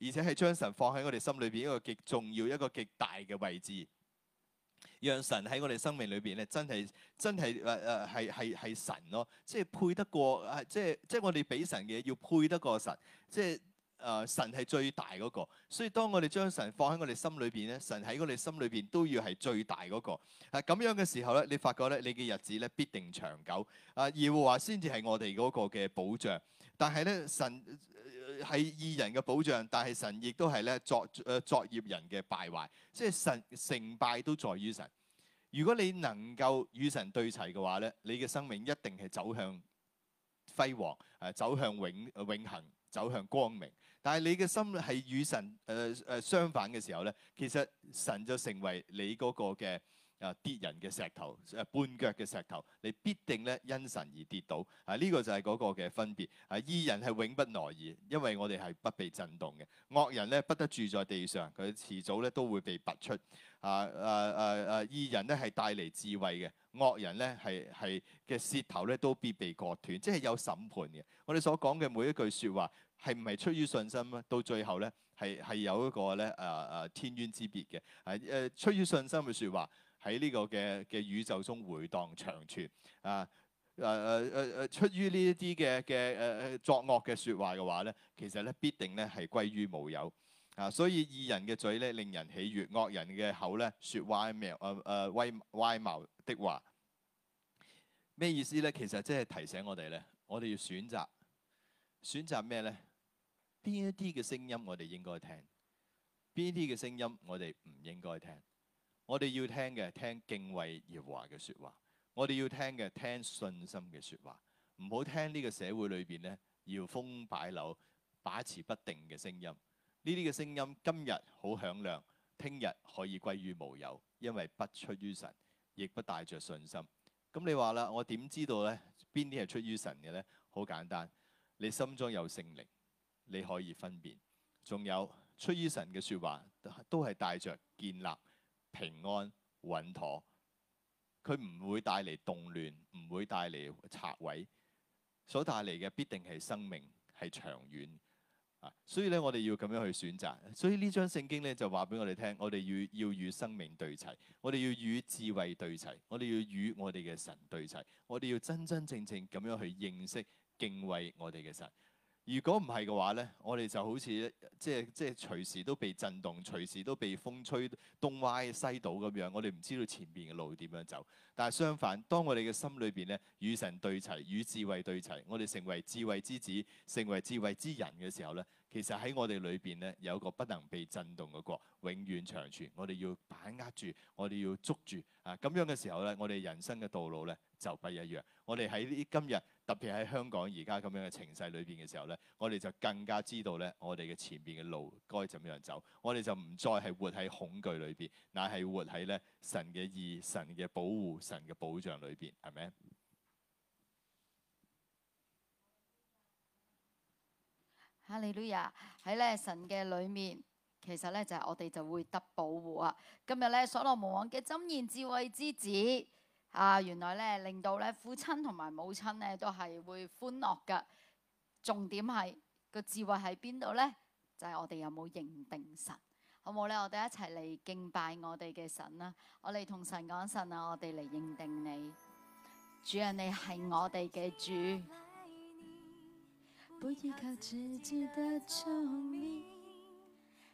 而且係將神放喺我哋心裏邊一個極重要、一個極大嘅位置，讓神喺我哋生命裏邊咧，真係真係誒誒係係係神咯、哦。即係配得過，即係即係我哋俾神嘅要配得過神，即係。誒、呃，神係最大嗰、那個，所以當我哋將神放喺我哋心裏邊咧，神喺我哋心裏邊都要係最大嗰、那個。係、啊、咁樣嘅時候咧，你發覺咧，你嘅日子咧必定長久。啊，耶和華先至係我哋嗰個嘅保障。但係咧，神係義人嘅保障，但係神亦都係咧作誒作孽人嘅敗壞。即係神成敗都在於神。如果你能夠與神對齊嘅話咧，你嘅生命一定係走向輝煌，誒、啊、走向永永恒，走向光明，但係你嘅心係與神誒、呃、誒相反嘅時候咧，其實神就成為你嗰個嘅啊跌人嘅石頭誒絆腳嘅石頭，你必定咧因神而跌倒啊！呢個就係嗰個嘅分別啊！義人係永不挪移，因為我哋係不被震動嘅；惡人咧不得住在地上，佢遲早咧都會被拔出啊！誒誒誒，義人咧係帶嚟智慧嘅，惡人咧係係嘅舌頭咧都必被割斷，即係有審判嘅。我哋所講嘅每一句說話。係唔係出於信心咧？到最後咧，係係有一個咧誒誒天淵之別嘅，係誒出於信心嘅説話喺呢個嘅嘅宇宙中回盪長存啊，誒誒誒誒，出於呢一啲嘅嘅誒誒作惡嘅説話嘅話咧，其實咧必定咧係歸於無有啊！所以義人嘅嘴咧令人喜悅，惡人嘅口咧説乖謬誒誒乖乖謬的話。咩意思咧？其實即係提醒我哋咧，我哋要選擇選擇咩咧？邊一啲嘅聲音我哋應該聽？邊一啲嘅聲音我哋唔應該聽？我哋要聽嘅聽敬畏耶和華嘅説話，我哋要聽嘅聽信心嘅説話，唔好聽呢個社會裏邊呢搖風擺柳、把持不定嘅聲音。呢啲嘅聲音今日好響亮，聽日可以歸於無有，因為不出於神，亦不帶着信心。咁你話啦，我點知道呢？邊啲係出於神嘅呢？好簡單，你心中有聖靈。你可以分辨，仲有出於神嘅説話都係帶着建立平安穩妥，佢唔會帶嚟動亂，唔會帶嚟拆毀，所帶嚟嘅必定係生命係長遠啊！所以咧，我哋要咁樣去選擇。所以呢張聖經咧就話俾我哋聽，我哋要要與生命對齊，我哋要與智慧對齊，我哋要與我哋嘅神對齊，我哋要真真正正咁樣去認識敬畏我哋嘅神。如果唔係嘅話呢，我哋就好似即係即係隨時都被震動，隨時都被風吹東歪西倒咁樣。我哋唔知道前面嘅路點樣走。但係相反，當我哋嘅心裏邊呢，與神對齊，與智慧對齊，我哋成為智慧之子，成為智慧之人嘅時候呢，其實喺我哋裏邊呢，有一個不能被震動嘅國，永遠長存。我哋要把握住，我哋要捉住啊！咁樣嘅時候呢，我哋人生嘅道路呢，就不一樣。我哋喺呢今日。特別喺香港而家咁樣嘅情勢裏邊嘅時候咧，我哋就更加知道咧，我哋嘅前邊嘅路該怎樣走，我哋就唔再係活喺恐懼裏邊，乃係活喺咧神嘅義、神嘅保護、神嘅保障裏邊，係咪？哈利路亞，喺咧神嘅裏面，其實咧就係、是、我哋就會得保護啊！今日咧所羅門王嘅箴言智慧之子。啊，原來咧令到咧父親同埋母親咧都係會歡樂嘅。重點係、這個智慧喺邊度咧？就係、是、我哋有冇認定神好冇咧？我哋一齊嚟敬拜我哋嘅神啦！我哋同神講神啊！我哋嚟認定你，主啊！你係我哋嘅主。主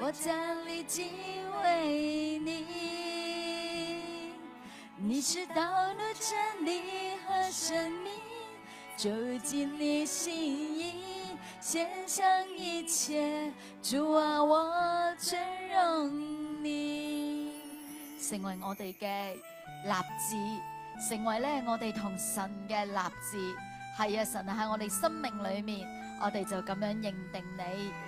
我站你，敬拜你，你是道路真理和生命，走進你心意，獻上一切，主啊，我尊榮你，成為我哋嘅立志，成為咧我哋同神嘅立志，係啊，神喺我哋生命裏面，我哋就咁樣認定你。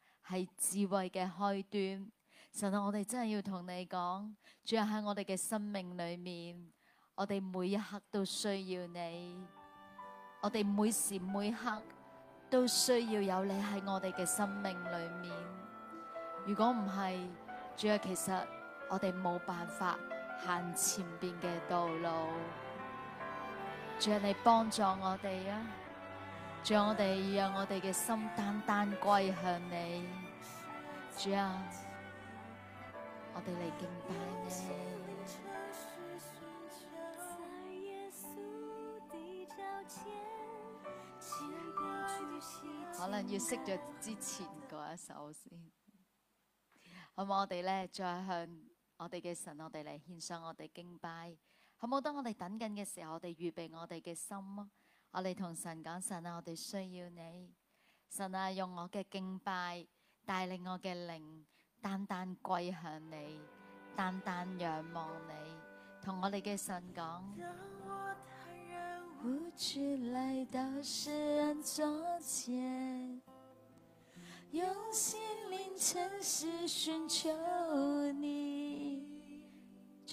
係智慧嘅開端，神啊，我哋真係要同你講，主啊，喺我哋嘅生命裏面，我哋每一刻都需要你，我哋每時每刻都需要有你喺我哋嘅生命裏面。如果唔係，主啊，其實我哋冇辦法行前邊嘅道路，主啊，你幫助我哋啊！主，我哋讓我哋嘅心單單歸向你，主啊，我哋嚟敬拜你啊。可能要熄咗之前嗰一首先，好唔好？我哋咧再向我哋嘅神，我哋嚟獻上，我哋敬拜，好唔好？當我哋等緊嘅時候，我哋預備我哋嘅心啊！我哋同神講，神啊，我哋需要你，神啊，用我嘅敬拜帶領我嘅靈，單單歸向你，單單仰望你，同我哋嘅神講。讓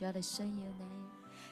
我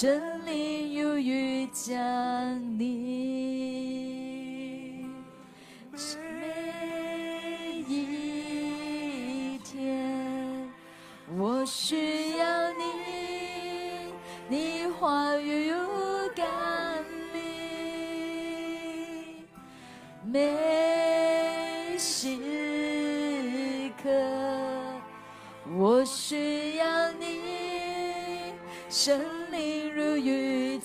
這裏又遇見你。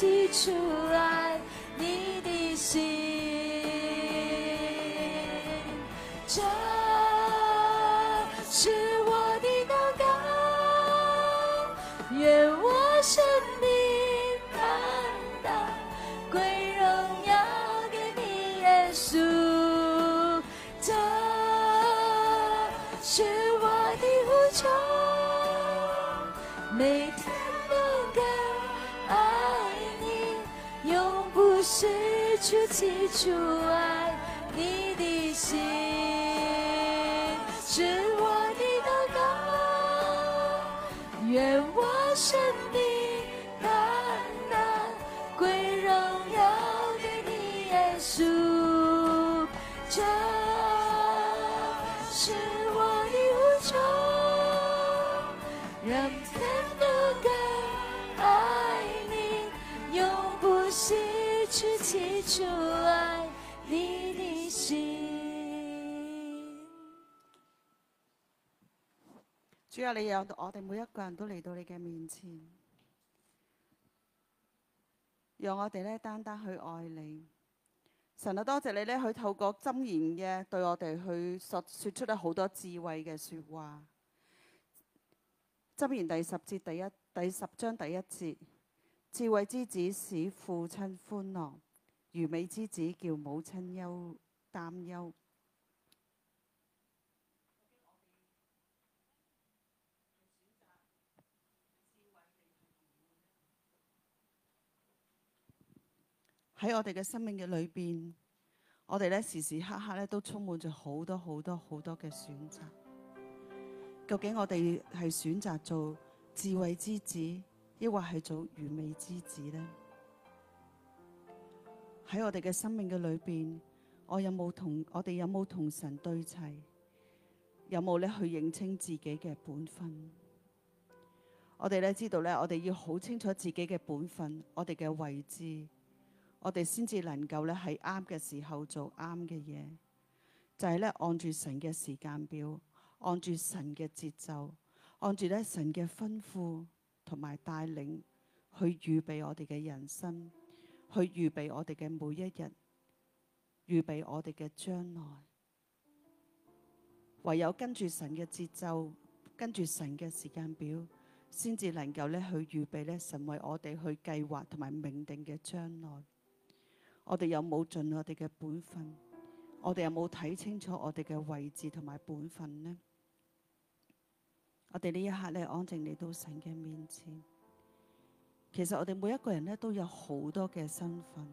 記住了。主啊，你讓我哋每一個人都嚟到你嘅面前，讓我哋咧單單去愛你。神啊，多謝你呢去透過箴言嘅對我哋去說出咗好多智慧嘅說話。箴言第十節第一第十章第一節。智慧之子使父親歡樂，愚昧之子叫母親憂擔憂。喺我哋嘅生命嘅裏邊，我哋咧時時刻刻咧都充滿咗好多好多好多嘅選擇。究竟我哋係選擇做智慧之子？抑或係做愚昧之子呢？喺我哋嘅生命嘅裏邊，我有冇同我哋有冇同神對齊？有冇咧去認清自己嘅本分？我哋咧知道咧，我哋要好清楚自己嘅本分，我哋嘅位置，我哋先至能夠咧喺啱嘅時候做啱嘅嘢，就係咧按住神嘅時間表，按住神嘅節奏，按住咧神嘅吩咐。同埋帶領去預備我哋嘅人生，去預備我哋嘅每一日，預備我哋嘅將來。唯有跟住神嘅節奏，跟住神嘅時間表，先至能夠咧去預備咧神為我哋去計劃同埋命定嘅將來。我哋有冇盡我哋嘅本分？我哋有冇睇清楚我哋嘅位置同埋本分呢？我哋呢一刻咧安靜嚟到神嘅面前，其實我哋每一個人咧都有好多嘅身份，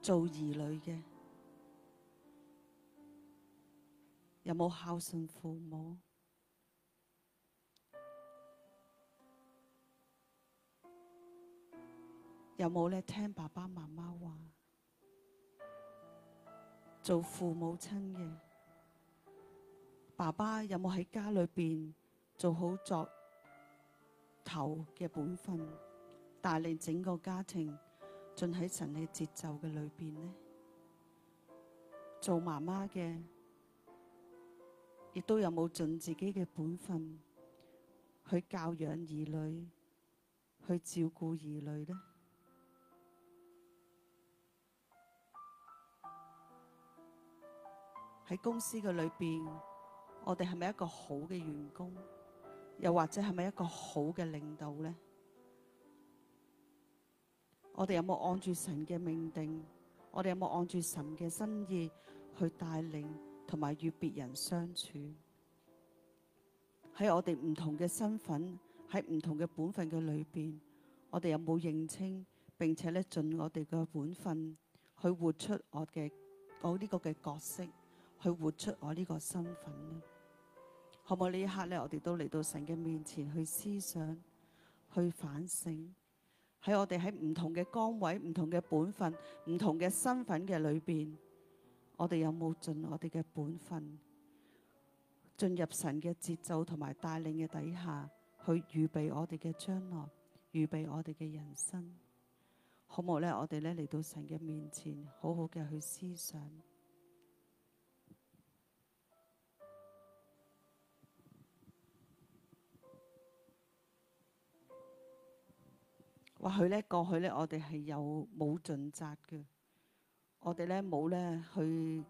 做兒女嘅，有冇孝順父母？有冇咧聽爸爸媽媽話？做父母親嘅？爸爸有冇喺家裏邊做好作頭嘅本分，帶領整個家庭進喺神嘅節奏嘅裏邊呢？做媽媽嘅亦都有冇盡自己嘅本分去教養兒女，去照顧兒女呢？喺公司嘅裏邊。我哋係咪一個好嘅員工，又或者係咪一個好嘅領導呢？我哋有冇按住神嘅命定？我哋有冇按住神嘅心意去帶領同埋與別人相處？喺我哋唔同嘅身份，喺唔同嘅本分嘅裏邊，我哋有冇認清，並且咧盡我哋嘅本分，去活出我嘅我呢個嘅角色，去活出我呢個身份呢？可唔可呢一刻咧，我哋都嚟到神嘅面前去思想、去反省，喺我哋喺唔同嘅崗位、唔同嘅本分、唔同嘅身份嘅裏邊，我哋有冇盡我哋嘅本分，進入神嘅節奏同埋帶領嘅底下去預備我哋嘅將來，預備我哋嘅人生？好冇可咧？我哋咧嚟到神嘅面前，好好嘅去思想。話佢咧過去咧，我哋係有冇盡責嘅？我哋咧冇咧去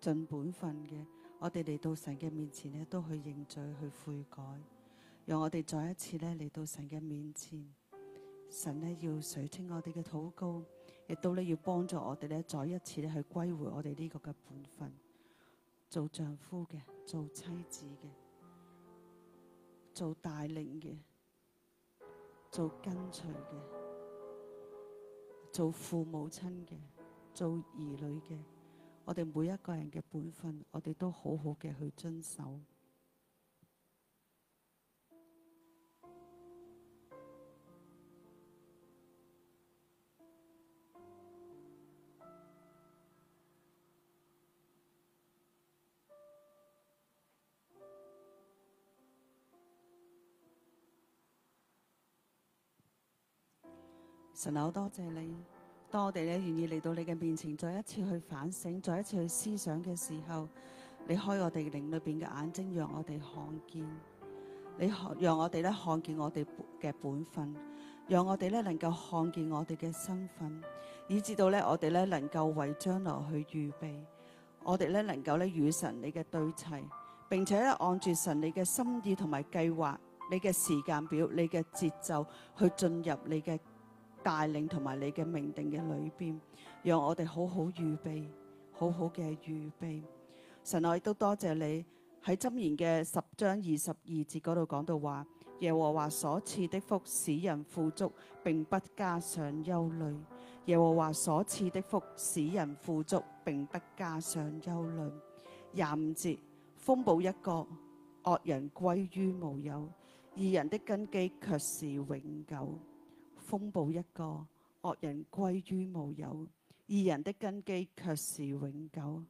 盡本分嘅。我哋嚟到神嘅面前咧，都去認罪去悔改。讓我哋再一次咧嚟到神嘅面前，神咧要垂聽我哋嘅禱告，亦都咧要幫助我哋咧再一次咧去歸回我哋呢個嘅本分，做丈夫嘅，做妻子嘅，做帶領嘅，做跟隨嘅，做父母親嘅，做兒女嘅，我哋每一個人嘅本分，我哋都好好嘅去遵守。神好多謝你！當我哋咧願意嚟到你嘅面前，再一次去反省，再一次去思想嘅時候，你開我哋靈裏邊嘅眼睛，讓我哋看見你看，讓我哋咧看見我哋嘅本分，讓我哋咧能夠看見我哋嘅身份，以至到咧我哋咧能夠為將來去預備，我哋咧能夠咧與神你嘅對齊，並且咧按住神你嘅心意同埋計劃、你嘅時間表、你嘅節奏去進入你嘅。帶領同埋你嘅命定嘅裏邊，讓我哋好好預備，好好嘅預備。神我亦都多謝你喺箴言嘅十章二十二節嗰度講到話：耶和華所賜的福使人富足，並不加上憂慮；耶和華所賜的福使人富足，並不加上憂慮。廿五節：風暴一過，惡人歸於無有；義人的根基卻是永久。風暴一個，惡人歸於無有，義人的根基卻是永久。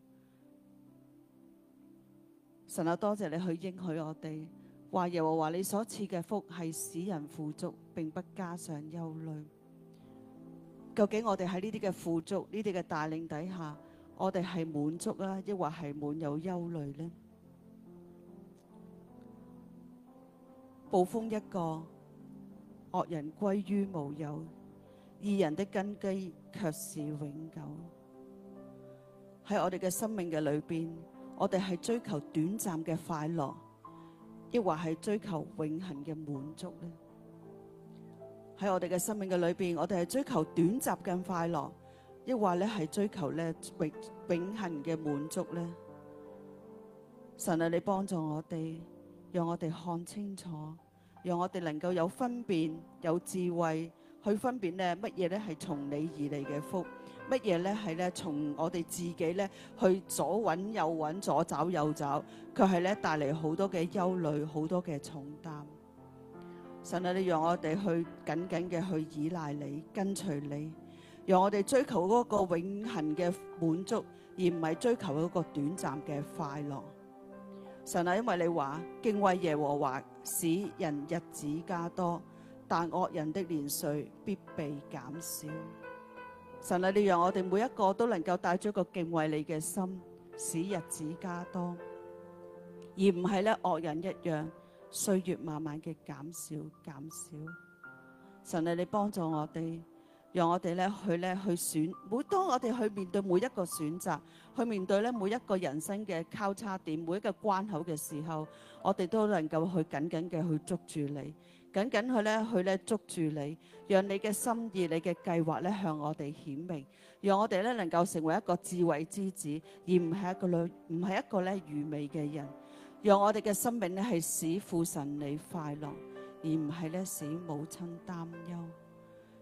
神啊，多謝你去應許我哋，話耶和華你所賜嘅福係使人富足，並不加上憂慮。究竟我哋喺呢啲嘅富足呢啲嘅帶領底下，我哋係滿足啊，抑或係滿有憂慮呢？暴風一個。惡人歸於無有，義人的根基卻是永久。喺我哋嘅生命嘅裏邊，我哋係追求短暫嘅快樂，亦或係追求永恒嘅滿足呢？喺我哋嘅生命嘅裏邊，我哋係追求短暫嘅快樂，亦或呢係追求呢永永恒嘅滿足呢？神啊，你幫助我哋，讓我哋看清楚。讓我哋能夠有分辨，有智慧去分辨咧，乜嘢咧係從你而嚟嘅福，乜嘢咧係從我哋自己去左揾右揾，左找右找，卻係咧帶嚟好多嘅憂慮，好多嘅重擔。神啊，你讓我哋去緊緊嘅去依賴你，跟隨你，讓我哋追求嗰個永恒嘅滿足，而唔係追求嗰個短暫嘅快樂。神啊，因為你話敬畏耶和華，使人日子加多，但惡人的年歲必被減少。神啊，你讓我哋每一個都能夠帶咗個敬畏你嘅心，使日子加多，而唔係呢惡人一樣，歲月慢慢嘅減少減少。神啊，你幫助我哋。讓我哋咧去咧去選，每當我哋去面對每一個選擇，去面對咧每一個人生嘅交叉點，每一個關口嘅時候，我哋都能夠去緊緊嘅去捉住你，緊緊去咧去咧捉住你，讓你嘅心意、你嘅計劃咧向我哋顯明，讓我哋咧能夠成為一個智慧之子，而唔係一個女，唔係一個咧愚昧嘅人，讓我哋嘅生命咧係使父神你快樂，而唔係咧使母親擔憂。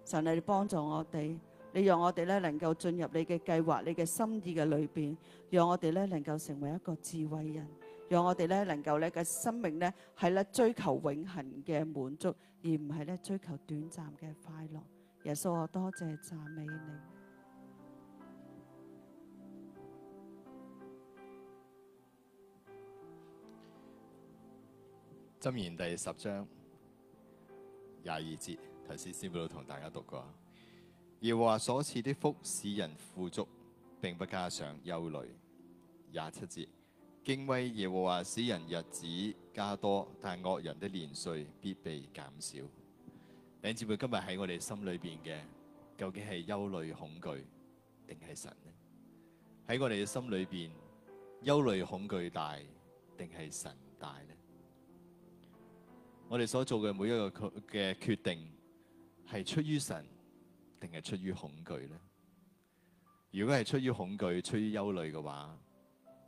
神你幫助我哋，你讓我哋咧能夠進入你嘅計劃、你嘅心意嘅裏邊，讓我哋咧能夠成為一個智慧人，讓我哋咧能夠咧嘅生命咧係咧追求永恆嘅滿足，而唔係咧追求短暫嘅快樂。耶穌啊，我多謝讚美你。箴言第十章廿二節。提斯師保羅同大家讀過，耶和華所賜的福使人富足，並不加上憂慮。廿七節，敬畏耶和華使人日子加多，但惡人的年歲必被減少。餅子會今日喺我哋心裏邊嘅，究竟係憂慮恐懼，定係神呢？喺我哋嘅心裏邊，憂慮恐懼大，定係神大呢？我哋所做嘅每一個嘅決定。係出於神，定係出於恐懼呢？如果係出於恐懼、出於憂慮嘅話，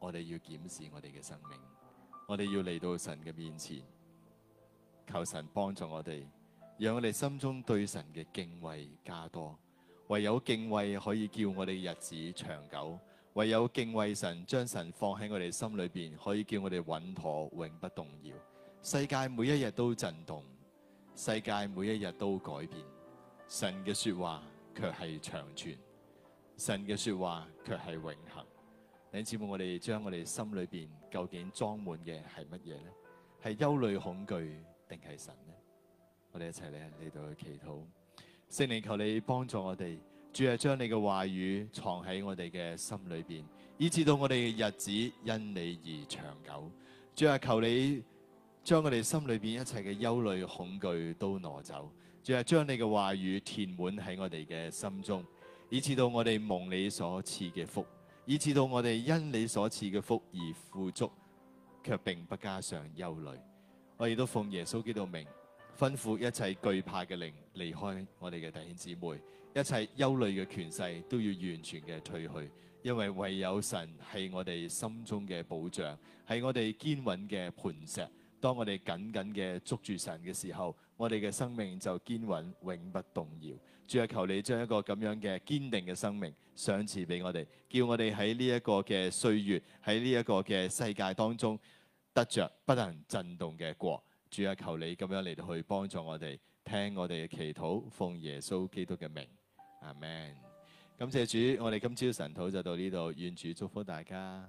我哋要檢視我哋嘅生命，我哋要嚟到神嘅面前，求神幫助我哋，讓我哋心中對神嘅敬畏加多。唯有敬畏可以叫我哋日子長久，唯有敬畏神，將神放喺我哋心裏邊，可以叫我哋穩妥，永不動搖。世界每一日都震動。世界每一日都改變，神嘅說話卻係長存，神嘅說話卻係永恆。弟兄姊妹，我哋將我哋心裏邊究竟裝滿嘅係乜嘢呢？係憂慮恐懼定係神呢？我哋一齊嚟喺呢度去祈禱，聖靈求你幫助我哋，主啊，將你嘅話語藏喺我哋嘅心裏邊，以至到我哋嘅日子因你而長久。主啊，求你。將我哋心裏面一切嘅憂慮恐懼都挪走，仲係將你嘅話語填滿喺我哋嘅心中，以至到我哋蒙你所賜嘅福，以至到我哋因你所賜嘅福而富足，卻並不加上憂慮。我亦都奉耶穌基督名，吩咐一切懼怕嘅靈離開我哋嘅弟兄姊妹，一切憂慮嘅權勢都要完全嘅退去，因為唯有神係我哋心中嘅保障，係我哋堅穩嘅磐石。當我哋緊緊嘅捉住神嘅時候，我哋嘅生命就堅穩，永不動搖。主啊，求你將一個咁樣嘅堅定嘅生命賞賜俾我哋，叫我哋喺呢一個嘅歲月，喺呢一個嘅世界當中得着不能震動嘅國。主啊，求你咁樣嚟到去幫助我哋，聽我哋嘅祈禱，奉耶穌基督嘅名，阿門。感謝主，我哋今朝晨禱就到呢度，願主祝福大家。